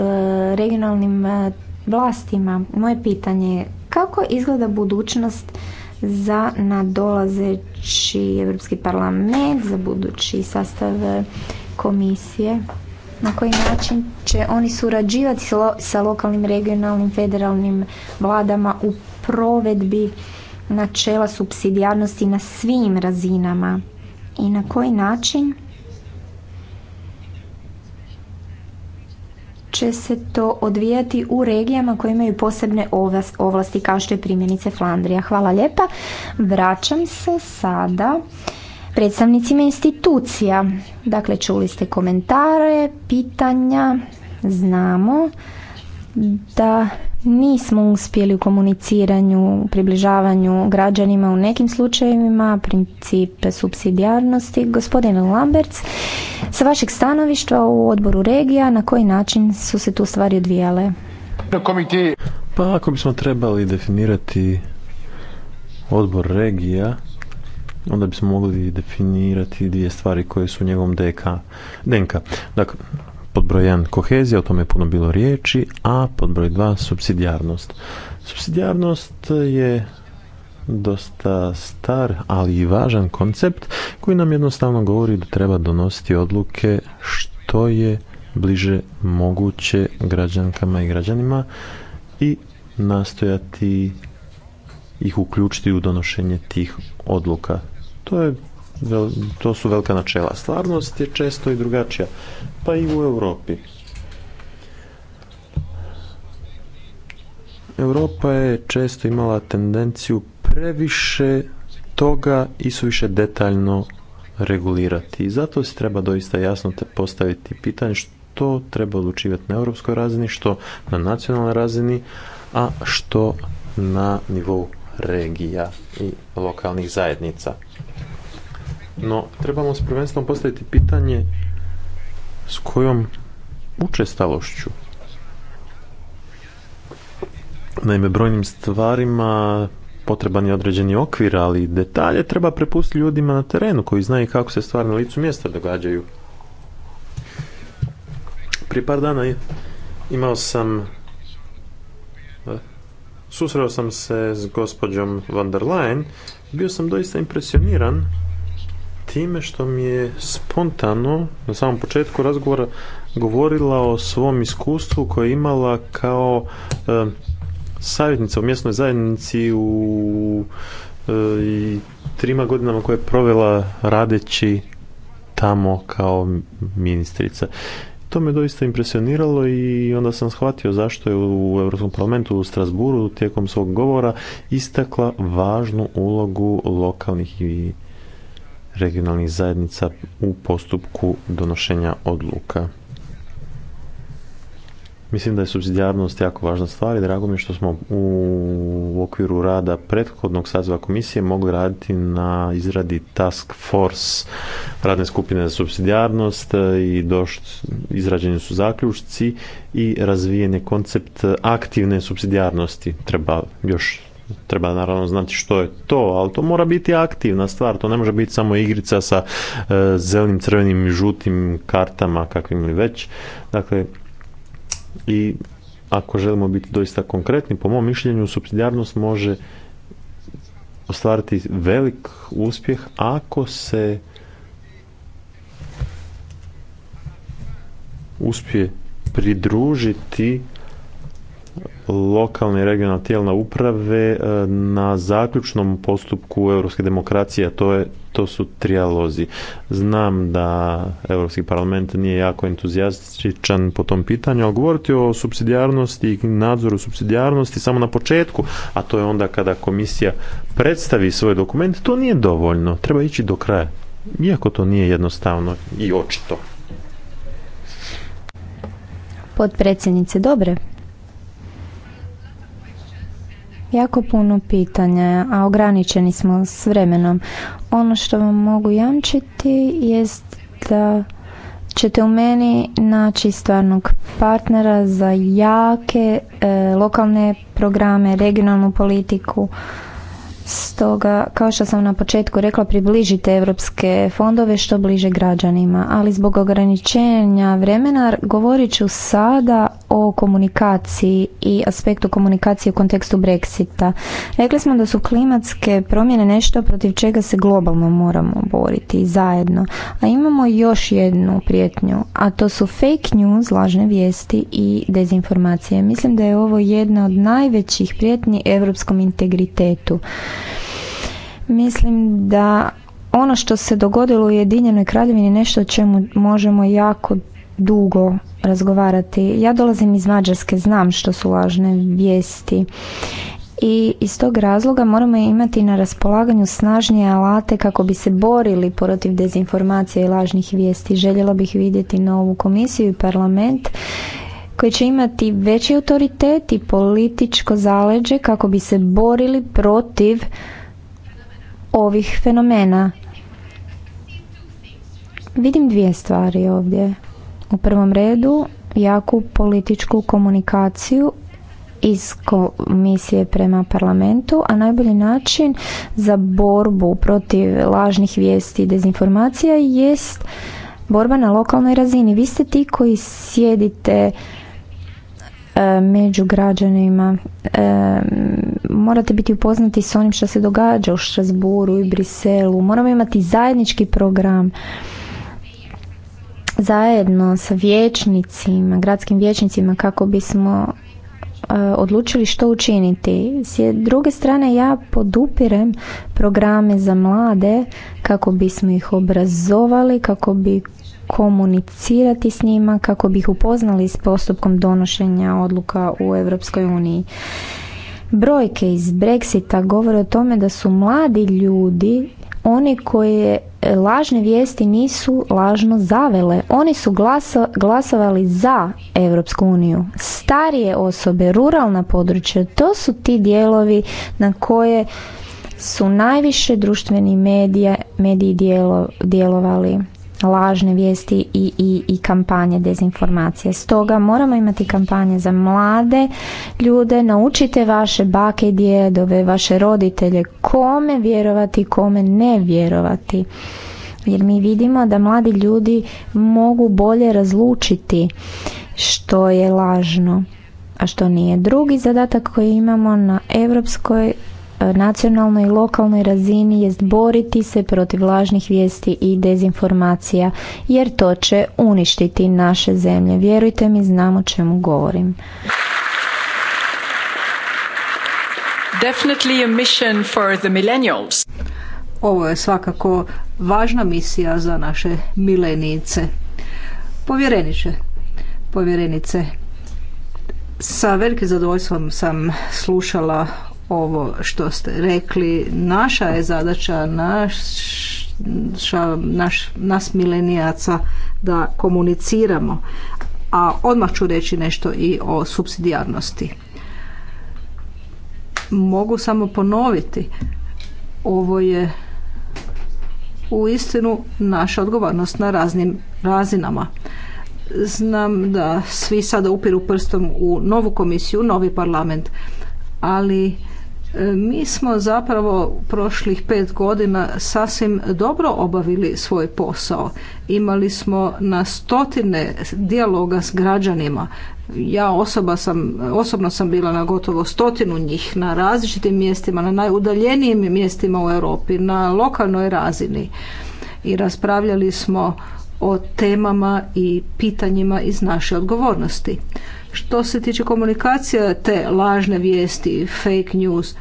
regionalnim e, vlastima. Moje pitanje je kako izgleda budućnost za nadolazeći Europski parlament, za budući sastav komisije? na koji način će oni surađivati sa lokalnim, regionalnim, federalnim vladama u provedbi načela subsidijarnosti na svim razinama i na koji način će se to odvijati u regijama koje imaju posebne ovlasti kao što je primjenice Flandrija. Hvala lijepa. Vraćam se sada predstavnicima institucija. Dakle, čuli ste komentare, pitanja, znamo da nismo uspjeli u komuniciranju, približavanju građanima u nekim slučajevima, princip subsidijarnosti. Gospodin Lamberts, sa vašeg stanovišta u odboru regija, na koji način su se tu stvari odvijale? Pa ako bismo trebali definirati odbor regija, onda bismo mogli definirati dvije stvari koje su u njegovom DK, DNK. Dakle, pod broj 1 kohezija, o tome je puno bilo riječi, a pod broj 2 subsidijarnost. Subsidijarnost je dosta star, ali i važan koncept koji nam jednostavno govori da treba donositi odluke što je bliže moguće građankama i građanima i nastojati ih uključiti u donošenje tih odluka. To, je, to su velika načela. Stvarnost je često i drugačija, pa i u Europi. Europa je često imala tendenciju previše toga i suviše detaljno regulirati. I zato se treba doista jasno te postaviti pitanje što treba odlučivati na europskoj razini, što na nacionalnoj razini, a što na nivou regija i lokalnih zajednica. No, trebamo s prvenstvom postaviti pitanje s kojom učestalošću. Naime, brojnim stvarima potreban je određeni okvir, ali detalje treba prepustiti ljudima na terenu koji znaju kako se stvari na licu mjesta događaju. Prije par dana imao sam e, susreo sam se s gospođom van der Leyen bio sam doista impresioniran time što mi je spontano na samom početku razgovora govorila o svom iskustvu koje je imala kao eh, savjetnica u mjesnoj zajednici u eh, trima godinama koje je provela radeći tamo kao ministrica. To me doista impresioniralo i onda sam shvatio zašto je u Europskom parlamentu u Strasburu tijekom svog govora istakla važnu ulogu lokalnih i regionalnih zajednica u postupku donošenja odluka. Mislim da je subsidijarnost jako važna stvar i drago mi je što smo u okviru rada prethodnog saziva komisije mogli raditi na izradi task force radne skupine za subsidijarnost e, i doš, izrađeni su zaključci i razvijen je koncept aktivne subsidijarnosti. Treba još treba naravno znati što je to, ali to mora biti aktivna stvar, to ne može biti samo igrica sa e, zelenim, crvenim i žutim kartama, kakvim li već. Dakle, i ako želimo biti doista konkretni, po mom mišljenju, subsidijarnost može ostvariti velik uspjeh ako se uspije pridružiti lokalne i regionalne tijela uprave e, na zaključnom postupku europske demokracije, a to, je, to su trijalozi. Znam da Europski parlament nije jako entuzijastičan po tom pitanju, ali govoriti o subsidijarnosti i nadzoru subsidijarnosti samo na početku, a to je onda kada komisija predstavi svoje dokumente, to nije dovoljno. Treba ići do kraja. Iako to nije jednostavno i očito. Podpredsjednice, dobre jako puno pitanja, a ograničeni smo s vremenom. Ono što vam mogu jamčiti jest da ćete u meni naći stvarnog partnera za jake e, lokalne programe, regionalnu politiku, Stoga, kao što sam na početku rekla, približite europske fondove što bliže građanima, ali zbog ograničenja vremena govorit ću sada o komunikaciji i aspektu komunikacije u kontekstu Brexita. Rekli smo da su klimatske promjene nešto protiv čega se globalno moramo boriti zajedno, a imamo još jednu prijetnju, a to su fake news, lažne vijesti i dezinformacije. Mislim da je ovo jedna od najvećih prijetnji europskom integritetu. Mislim da ono što se dogodilo u Ujedinjenoj kraljevini je nešto o čemu možemo jako dugo razgovarati. Ja dolazim iz Mađarske, znam što su lažne vijesti i iz tog razloga moramo imati na raspolaganju snažnije alate kako bi se borili protiv dezinformacije i lažnih vijesti. Željela bih vidjeti novu komisiju i parlament koji će imati veći autoritet i političko zaleđe kako bi se borili protiv ovih fenomena. Vidim dvije stvari ovdje. U prvom redu jaku političku komunikaciju iz komisije prema parlamentu, a najbolji način za borbu protiv lažnih vijesti i dezinformacija jest borba na lokalnoj razini. Vi ste ti koji sjedite E, među građanima. E, morate biti upoznati s onim što se događa u Štrasburu i Briselu. Moramo imati zajednički program zajedno sa vijećnicima, gradskim vijećnicima kako bismo Eh, odlučili što učiniti. S druge strane ja podupirem programe za mlade kako bismo ih obrazovali, kako bi komunicirati s njima, kako bi ih upoznali s postupkom donošenja odluka u Europskoj uniji. Brojke iz Brexita govore o tome da su mladi ljudi oni koje lažne vijesti nisu lažno zavele. Oni su glasovali za Europsku uniju. Starije osobe, ruralna područja, to su ti dijelovi na koje su najviše društveni medije, mediji dijelo, djelovali lažne vijesti i, i, i kampanje dezinformacije. Stoga moramo imati kampanje za mlade ljude, naučite vaše bake i djedove, vaše roditelje kome vjerovati, kome ne vjerovati. Jer mi vidimo da mladi ljudi mogu bolje razlučiti što je lažno a što nije. Drugi zadatak koji imamo na europskoj E, nacionalnoj i lokalnoj razini jest boriti se protiv lažnih vijesti i dezinformacija jer to će uništiti naše zemlje. Vjerujte mi, znamo o čemu govorim. Definitely a mission for the millennials. Ovo je svakako važna misija za naše milenice. Povjereniče, povjerenice, sa velikim zadovoljstvom sam slušala ovo što ste rekli. Naša je zadaća, naš, naš, nas milenijaca da komuniciramo. A odmah ću reći nešto i o subsidijarnosti. Mogu samo ponoviti. Ovo je u istinu naša odgovornost na raznim razinama. Znam da svi sada upiru prstom u novu komisiju, novi parlament, ali E, mi smo zapravo prošlih pet godina sasvim dobro obavili svoj posao. Imali smo na stotine dijaloga s građanima. Ja osoba sam, osobno sam bila na gotovo stotinu njih na različitim mjestima, na najudaljenijim mjestima u Europi, na lokalnoj razini i raspravljali smo o temama i pitanjima iz naše odgovornosti. Što se tiče komunikacija, te lažne vijesti, fake news,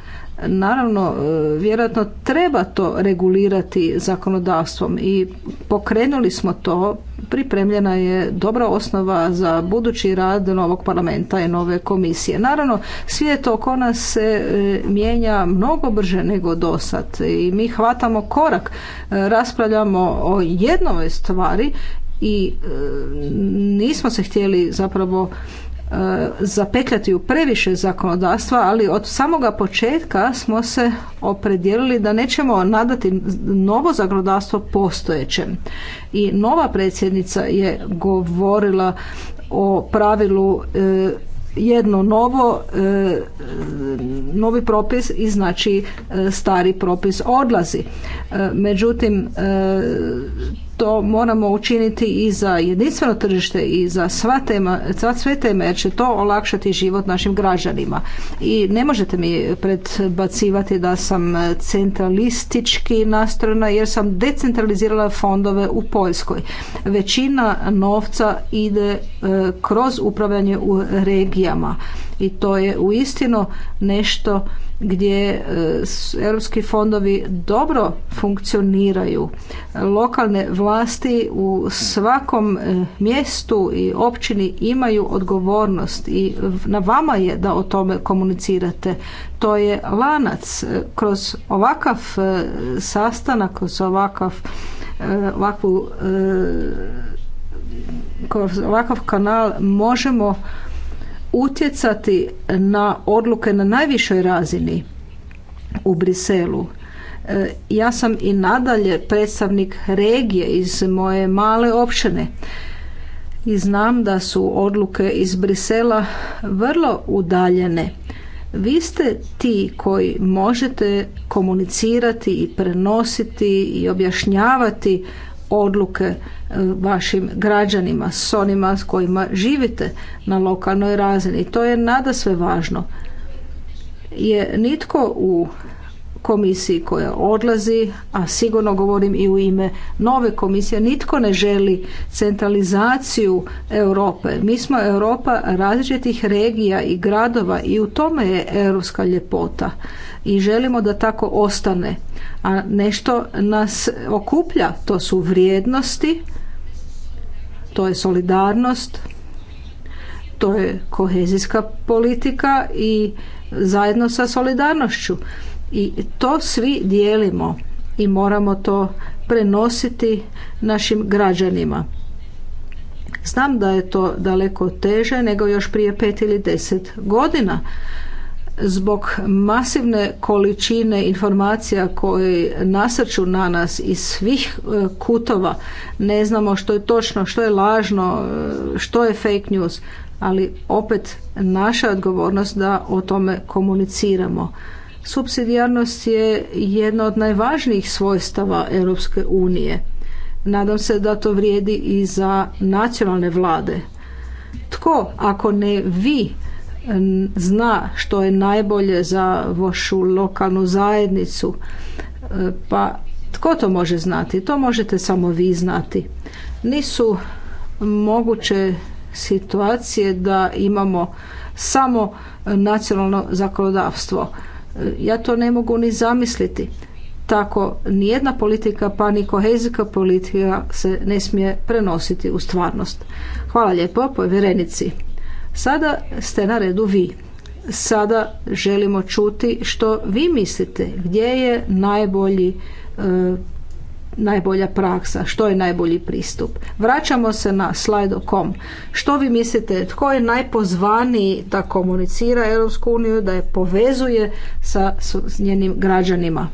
naravno e, vjerojatno treba to regulirati zakonodavstvom i pokrenuli smo to pripremljena je dobra osnova za budući rad novog parlamenta i nove komisije. Naravno, svijet oko nas se e, mijenja mnogo brže nego dosad i mi hvatamo korak, e, raspravljamo o jednoj stvari i e, nismo se htjeli zapravo Eh, zapetljati u previše zakonodavstva, ali od samoga početka smo se opredijelili da nećemo nadati novo zakonodavstvo postojećem. I nova predsjednica je govorila o pravilu eh, jedno novo eh, novi propis i znači stari propis odlazi. Međutim što moramo učiniti i za jedinstveno tržište i za sva tema, sva sve teme jer će to olakšati život našim građanima. I ne možete mi predbacivati da sam centralistički nastrojena jer sam decentralizirala fondove u Poljskoj. Većina novca ide e, kroz upravljanje u regijama i to je uistinu nešto gdje e, europski fondovi dobro funkcioniraju. Lokalne vlasti u svakom e, mjestu i općini imaju odgovornost i na vama je da o tome komunicirate. To je lanac. E, kroz ovakav sastanak, kroz ovakav ovakvu kroz ovakav kanal možemo utjecati na odluke na najvišoj razini u Briselu. E, ja sam i nadalje predstavnik regije iz moje male općine i znam da su odluke iz Brisela vrlo udaljene. Vi ste ti koji možete komunicirati i prenositi i objašnjavati odluke e, vašim građanima, s onima s kojima živite na lokalnoj razini. To je nada sve važno. Je nitko u komisiji koja odlazi, a sigurno govorim i u ime nove komisije, nitko ne želi centralizaciju Europe. Mi smo Europa različitih regija i gradova i u tome je europska ljepota i želimo da tako ostane. A nešto nas okuplja, to su vrijednosti, to je solidarnost, to je kohezijska politika i zajedno sa solidarnošću. I to svi dijelimo i moramo to prenositi našim građanima. Znam da je to daleko teže nego još prije pet ili deset godina zbog masivne količine informacija koje nasrču na nas iz svih e, kutova ne znamo što je točno, što je lažno, e, što je fake news, ali opet naša odgovornost da o tome komuniciramo Subsidijarnost je jedna od najvažnijih svojstava Europske unije. Nadam se da to vrijedi i za nacionalne vlade. Tko, ako ne vi, zna što je najbolje za vašu lokalnu zajednicu, e, pa tko to može znati? To možete samo vi znati. Nisu moguće situacije da imamo samo nacionalno zakonodavstvo ja to ne mogu ni zamisliti. Tako nijedna politika pa ni kohezijska politika se ne smije prenositi u stvarnost. Hvala lijepo povjerenici. Sada ste na redu vi. Sada želimo čuti što vi mislite gdje je najbolji e, najbolja praksa, što je najbolji pristup. Vraćamo se na slajdo.com. Što vi mislite, tko je najpozvaniji da komunicira Europsku uniju, da je povezuje sa s njenim građanima?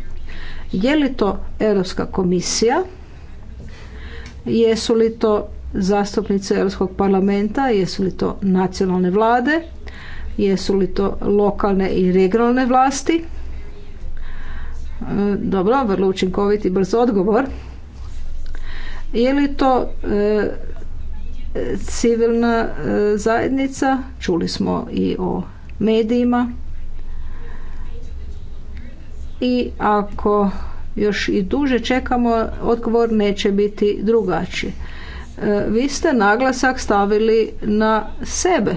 Je li to Europska komisija? Jesu li to zastupnice Europskog parlamenta? Jesu li to nacionalne vlade? Jesu li to lokalne i regionalne vlasti? E, dobro, vrlo učinkovit i brz odgovor. Je li to e, civilna e, zajednica? Čuli smo i o medijima. I ako još i duže čekamo, odgovor neće biti drugačiji. E, vi ste naglasak stavili na sebe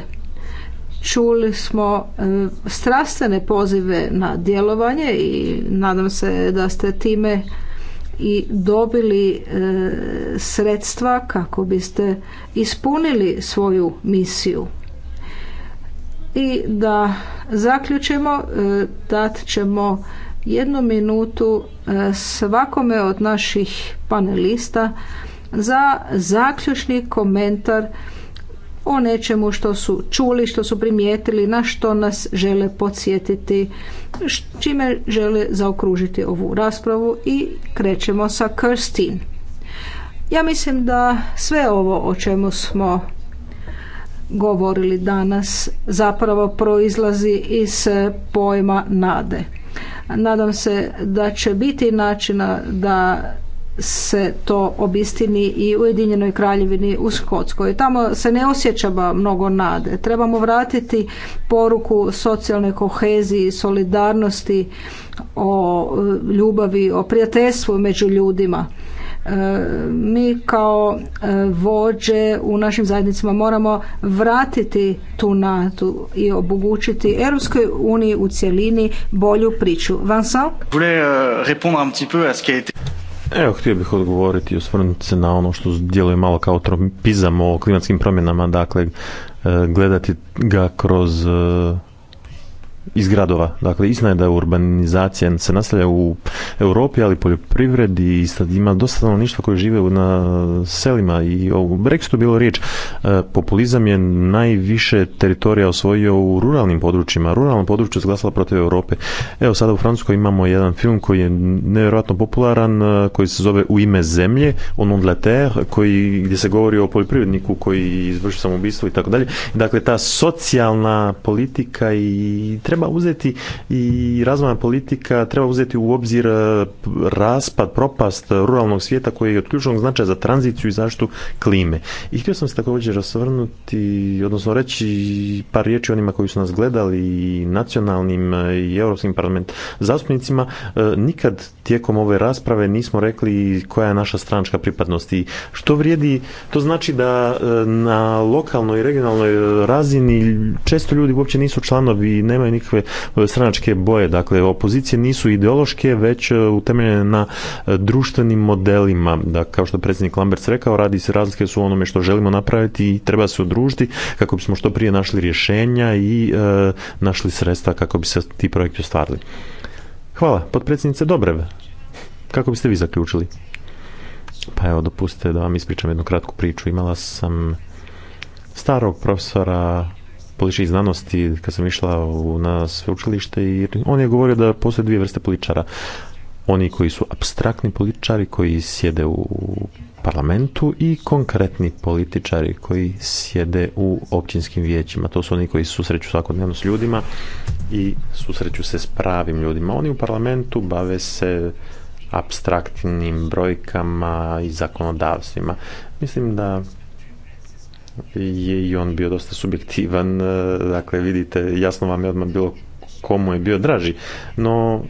Čuli smo e, strastvene pozive na djelovanje i nadam se da ste time i dobili e, sredstva kako biste ispunili svoju misiju. I da zaključimo, e, dat ćemo jednu minutu svakome od naših panelista za zaključni komentar o nečemu što su čuli, što su primijetili, na što nas žele podsjetiti, čime žele zaokružiti ovu raspravu i krećemo sa Kirstin. Ja mislim da sve ovo o čemu smo govorili danas zapravo proizlazi iz pojma nade. Nadam se da će biti načina da se to obistini i Ujedinjenoj kraljevini u Škotskoj. Tamo se ne osjeća mnogo nade. Trebamo vratiti poruku socijalne koheziji, solidarnosti, o e, ljubavi, o prijateljstvu među ljudima. E, mi kao e, vođe u našim zajednicama moramo vratiti tu nadu i omogućiti Europskoj uniji u cjelini bolju priču. Vincent? Evo, htio bih odgovoriti i osvrnuti se na ono što djeluje malo kao tropizam o klimatskim promjenama, dakle, e, gledati ga kroz e, iz gradova. Dakle, istina je da urbanizacija se nastavlja u Europi, ali poljoprivredi i sad ima dosta stanovništva koji žive na selima i o Brexitu bilo riječ. E, populizam je najviše teritorija osvojio u ruralnim područjima. Ruralno područje je protiv Europe. Evo sada u Francuskoj imamo jedan film koji je nevjerojatno popularan, e, koji se zove U ime zemlje, on on la terre, koji, gdje se govori o poljoprivredniku koji izvrši samoubistvo i tako dalje. Dakle, ta socijalna politika i treba treba uzeti i razvojna politika treba uzeti u obzir e, raspad, propast ruralnog svijeta koji je od ključnog značaja za tranziciju i zaštitu klime. I htio sam se također osvrnuti, odnosno reći par riječi onima koji su nas gledali i nacionalnim e, i europskim parlament zastupnicima. E, nikad tijekom ove rasprave nismo rekli koja je naša stranačka pripadnost i što vrijedi, to znači da na lokalnoj i regionalnoj razini često ljudi uopće nisu članovi i nemaju nikakve e, stranačke boje. Dakle, opozicije nisu ideološke, već e, utemeljene na e, društvenim modelima. Da, kao što predsjednik Lamberts rekao, radi se razlike su onome što želimo napraviti i treba se udružiti kako bismo što prije našli rješenja i našli sredstva kako bi se ti projekti ostvarili. Hvala, potpredsjednice Dobreve. Kako biste vi zaključili? Pa evo, dopustite da vam ispričam jednu kratku priču. Imala sam starog profesora političkih znanosti kad sam išla u, na sveučilište i on je govorio da postoje dvije vrste političara. Oni koji su abstraktni političari koji sjede u parlamentu i konkretni političari koji sjede u općinskim vijećima. To su oni koji susreću svakodnevno s ljudima i susreću se s pravim ljudima. Oni u parlamentu bave se abstraktnim brojkama i zakonodavstvima. Mislim da je i on bio dosta subjektivan, e, dakle vidite, jasno vam je odmah bilo komu je bio draži, no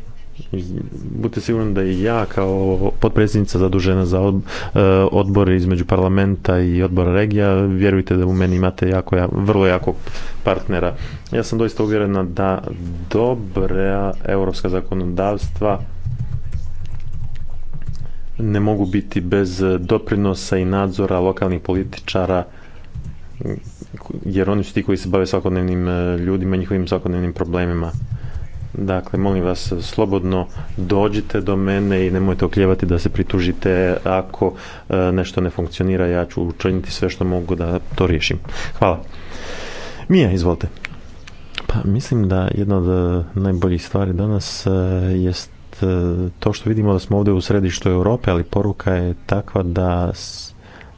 budite sigurni da i ja kao potpredsjednica zadužena za e, odbor između parlamenta i odbora regija, vjerujte da u meni imate jako, vrlo jakog partnera. Ja sam doista uvjerena da dobra europska zakonodavstva ne mogu biti bez doprinosa i nadzora lokalnih političara jer oni su ti koji se bave svakodnevnim e, ljudima, i njihovim svakodnevnim problemima. Dakle, molim vas, slobodno dođite do mene i nemojte okljevati da se pritužite ako e, nešto ne funkcionira, ja ću učiniti sve što mogu da to riješim. Hvala. Mija, izvolite. Pa, mislim da jedna od e, najboljih stvari danas jest to što vidimo da smo ovdje u središtu Europe, ali poruka je takva da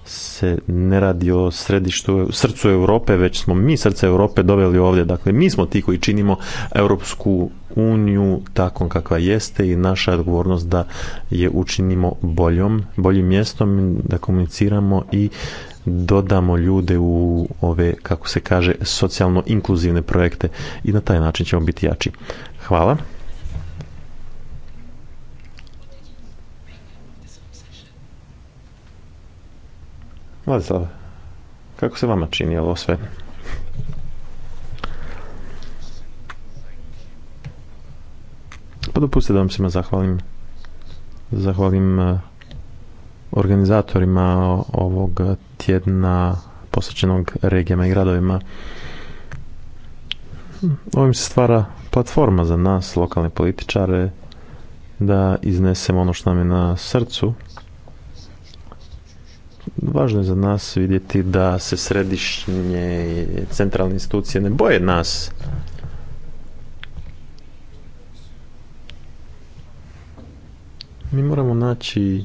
se ne radi o središtu, srcu Europe, već smo mi srce Europe doveli ovdje. Dakle, mi smo ti koji činimo Europsku uniju takvom kakva jeste i naša je odgovornost da je učinimo boljom, boljim mjestom, da komuniciramo i dodamo ljude u ove, kako se kaže, socijalno inkluzivne projekte i na taj način ćemo biti jači. Hvala. Vladislav, kako se vama čini ovo sve? Pa dopustite da vam svima zahvalim. Zahvalim e, organizatorima ovog tjedna posvećenog regijama i gradovima. Ovim se stvara platforma za nas, lokalne političare, da iznesemo ono što nam je na srcu, Važno je za nas vidjeti da se središnje i centralne institucije ne boje nas. Mi moramo naći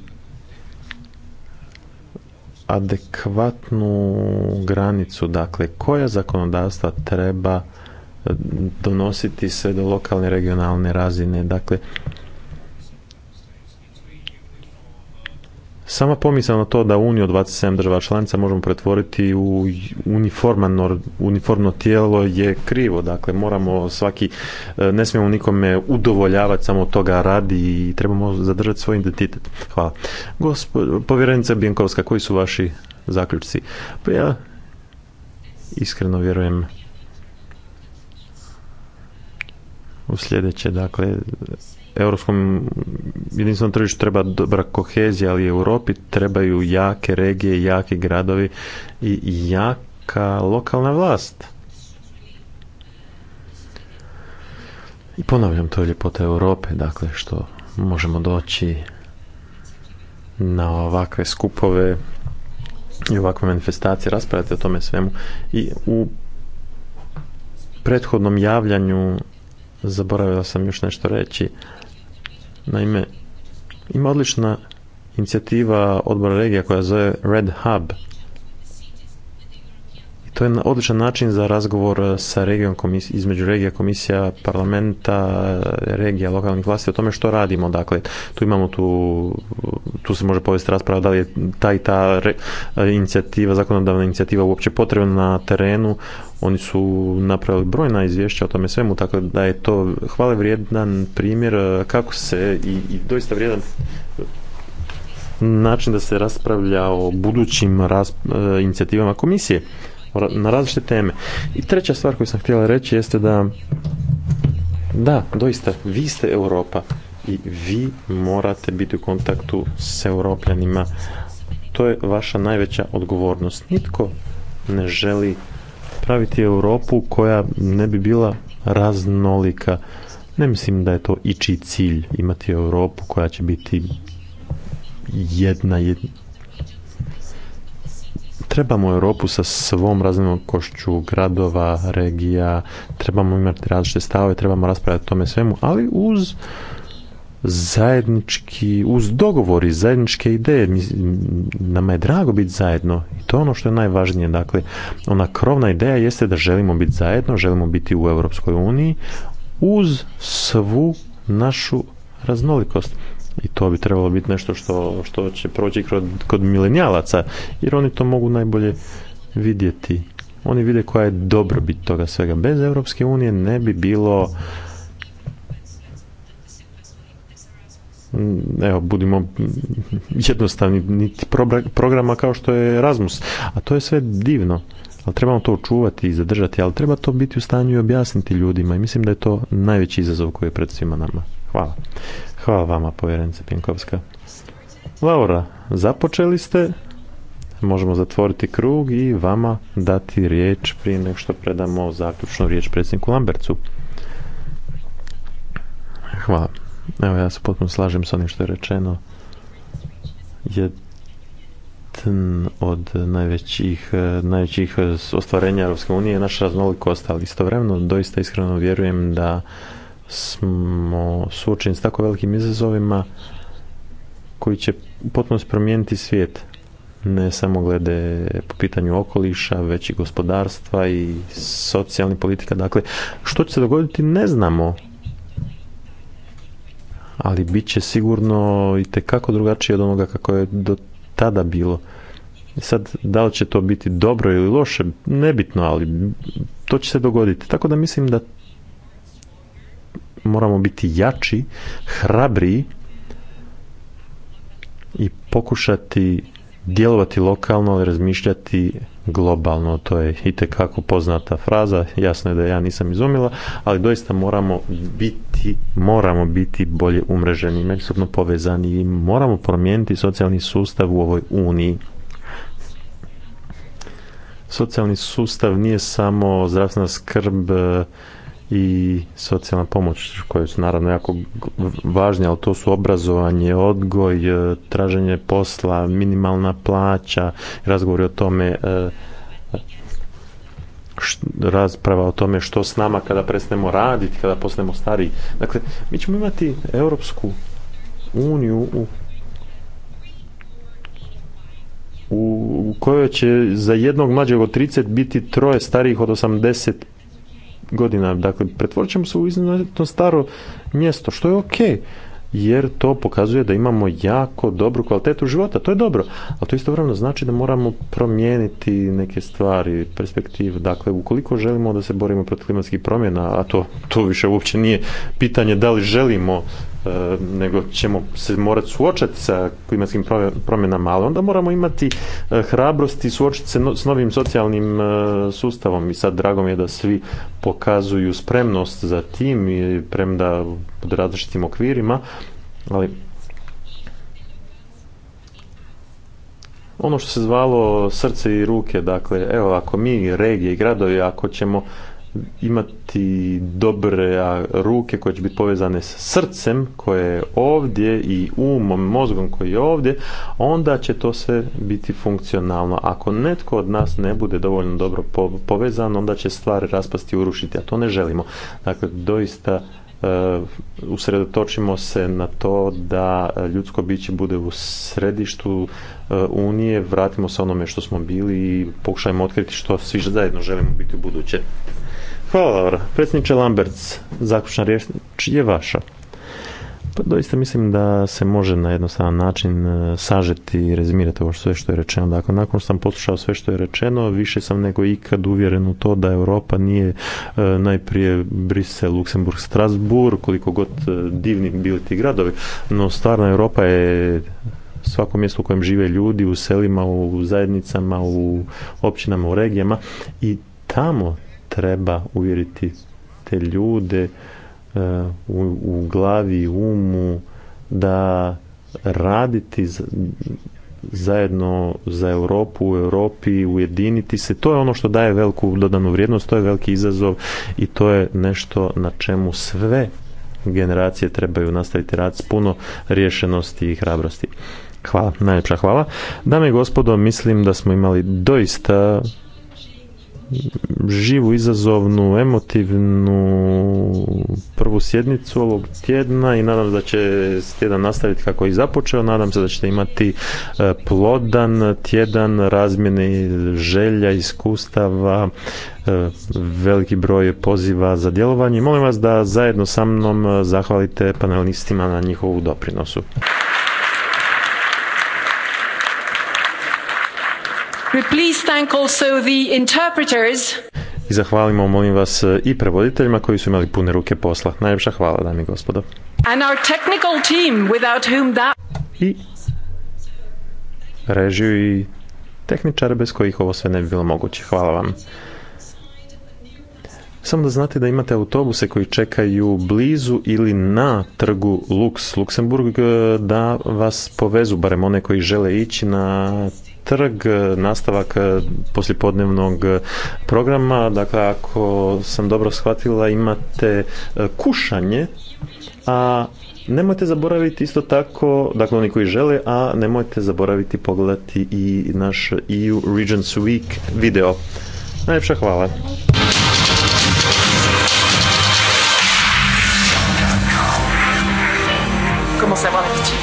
adekvatnu granicu, dakle koja zakonodavstva treba donositi se do lokalne regionalne razine. Dakle, Sama pomisao na to da Uniju od 27 država članica možemo pretvoriti u uniformno, uniformno tijelo je krivo. Dakle, moramo svaki, e, ne smijemo nikome udovoljavati samo toga radi i trebamo zadržati svoj identitet. Hvala. Povjerenice povjerenica Bjenkovska, koji su vaši zaključci? Pa ja iskreno vjerujem u sljedeće, dakle, europskom jedinstvenom tržištu treba dobra kohezija, ali Europi trebaju jake regije, jaki gradovi i jaka lokalna vlast. I ponavljam, to je ljepota Europe, dakle, što možemo doći na ovakve skupove i ovakve manifestacije, raspravljati o tome svemu. I u prethodnom javljanju zaboravila sam još nešto reći, Naime, ima odlična inicijativa odbora regija koja zove Red Hub – to je odličan način za razgovor e, sa regijom komisije, između regija komisija, parlamenta, e, regija, lokalnih vlasti o tome što radimo. Dakle, tu imamo tu, tu se može povesti rasprava da li je ta i ta e, inicijativa, zakonodavna inicijativa uopće potrebna na terenu. Oni su napravili brojna izvješća o tome svemu, tako da je to hvale vrijedan primjer kako se i, doista vrijedan način da se raspravlja o budućim inicijativama komisije na različite teme. I treća stvar koju sam htjela reći jeste da da, doista, vi ste Europa i vi morate biti u kontaktu s europljanima. To je vaša najveća odgovornost. Nitko ne želi praviti Europu koja ne bi bila raznolika. Ne mislim da je to ići cilj imati Europu koja će biti jedna, jedna trebamo Europu sa svom košću gradova, regija, trebamo imati različite stave, trebamo raspravljati o tome svemu, ali uz zajednički, uz dogovori, zajedničke ideje, nama je drago biti zajedno i to je ono što je najvažnije, dakle, ona krovna ideja jeste da želimo biti zajedno, želimo biti u Europskoj uniji uz svu našu raznolikost i to bi trebalo biti nešto što, što će proći kod, kod milenijalaca jer oni to mogu najbolje vidjeti oni vide koja je dobrobit toga svega bez Europske unije ne bi bilo evo, budimo jednostavni niti programa kao što je Erasmus. A to je sve divno. Ali trebamo to očuvati i zadržati, ali treba to biti u stanju i objasniti ljudima i mislim da je to najveći izazov koji je pred svima nama. Hvala. Hvala vama, povjerenice Pinkovska. Laura, započeli ste, možemo zatvoriti krug i vama dati riječ prije nego što predamo zaključnu riječ predsjedniku Lambercu. Hvala. Evo ja se potpuno slažem s onim što je rečeno. Jedan od najvećih, najvećih ostvarenja Europske unije naša raznolikost, ali istovremeno doista iskreno vjerujem da smo suočeni s tako velikim izazovima koji će potpuno promijeniti svijet ne samo glede po pitanju okoliša, već i gospodarstva i socijalnih politika. Dakle, što će se dogoditi ne znamo, ali bit će sigurno i kako drugačije od onoga kako je do tada bilo. Sad, da li će to biti dobro ili loše, nebitno, ali to će se dogoditi. Tako da mislim da moramo biti jači, hrabri i pokušati djelovati lokalno, ali razmišljati globalno. To je itekako poznata fraza, jasno je da ja nisam izumila, ali doista moramo biti, moramo biti bolje umreženi, međusobno povezani i moramo promijeniti socijalni sustav u ovoj uniji. Socijalni sustav nije samo zdravstvena skrb, i socijalna pomoć koje su naravno jako važne, ali to su obrazovanje, odgoj, e, traženje posla, minimalna plaća, razgovori o tome e, e, rasprava o tome što s nama kada prestanemo raditi, kada postanemo stariji. Dakle, mi ćemo imati Europsku uniju u u kojoj će za jednog mlađeg od 30 biti troje starijih od 85 godina. Dakle, pretvorit ćemo se u iznenadno staro mjesto, što je ok, jer to pokazuje da imamo jako dobru kvalitetu života, to je dobro, ali to istovremeno znači da moramo promijeniti neke stvari, perspektivu. Dakle, ukoliko želimo da se borimo protiv klimatskih promjena, a to, to više uopće nije pitanje da li želimo E, nego ćemo se morati suočati sa klimatskim promjenama, ali onda moramo imati e, hrabrosti suočiti se s novim socijalnim e, sustavom i sad drago mi je da svi pokazuju spremnost za tim i premda pod različitim okvirima, ali ono što se zvalo srce i ruke, dakle, evo, ako mi regije i gradovi, ako ćemo imati dobre ruke koje će biti povezane s srcem koje je ovdje i umom, mozgom koji je ovdje, onda će to sve biti funkcionalno. Ako netko od nas ne bude dovoljno dobro povezan, onda će stvari raspasti i urušiti, a to ne želimo. Dakle, doista e, usredotočimo se na to da e, ljudsko biće bude u središtu e, Unije, vratimo se onome što smo bili i pokušajmo otkriti što svi zajedno želimo biti u buduće. Hvala, Laura. Predsjedniče Lamberts, zaključna riječ je vaša. Pa doista mislim da se može na jednostavan način e, sažeti i rezimirati ovo sve što je rečeno. Dakle, nakon što sam poslušao sve što je rečeno, više sam nego ikad uvjeren u to da Europa nije e, najprije Brisel, Luksemburg, Strasbourg, koliko god e, divni bili ti gradovi, no stvarno Europa je svako mjesto u kojem žive ljudi, u selima, u zajednicama, u općinama, u regijama i tamo treba uvjeriti te ljude e, u, glavi i umu da raditi zajedno za Europu, u Europi, ujediniti se. To je ono što daje veliku dodanu vrijednost, to je veliki izazov i to je nešto na čemu sve generacije trebaju nastaviti rad s puno rješenosti i hrabrosti. Hvala, najljepša hvala. Dame i gospodo, mislim da smo imali doista živu, izazovnu, emotivnu prvu sjednicu ovog tjedna i nadam se da će tjedan nastaviti kako je i započeo. Nadam se da ćete imati e, plodan tjedan razmjene želja, iskustava, e, veliki broj poziva za djelovanje. Molim vas da zajedno sa mnom e, zahvalite panelistima na njihovu doprinosu. I zahvalimo, molim vas, e, i prevoditeljima koji su imali pune ruke posla. Najljepša hvala, dami gospodo. And our technical I režiju i tehničare bez kojih ovo sve ne bi bilo moguće. Hvala vam. Samo da znate da imate autobuse koji čekaju blizu ili na trgu Lux, Luksemburg, e, da vas povezu, barem one koji žele ići na trg, nastavak eh, poslijepodnevnog eh, programa. Dakle, ako sam dobro shvatila, imate eh, kušanje, a nemojte zaboraviti isto tako, dakle oni koji žele, a nemojte zaboraviti pogledati i naš EU Regions Week video. Najljepša hvala. Comment savoir l'habitude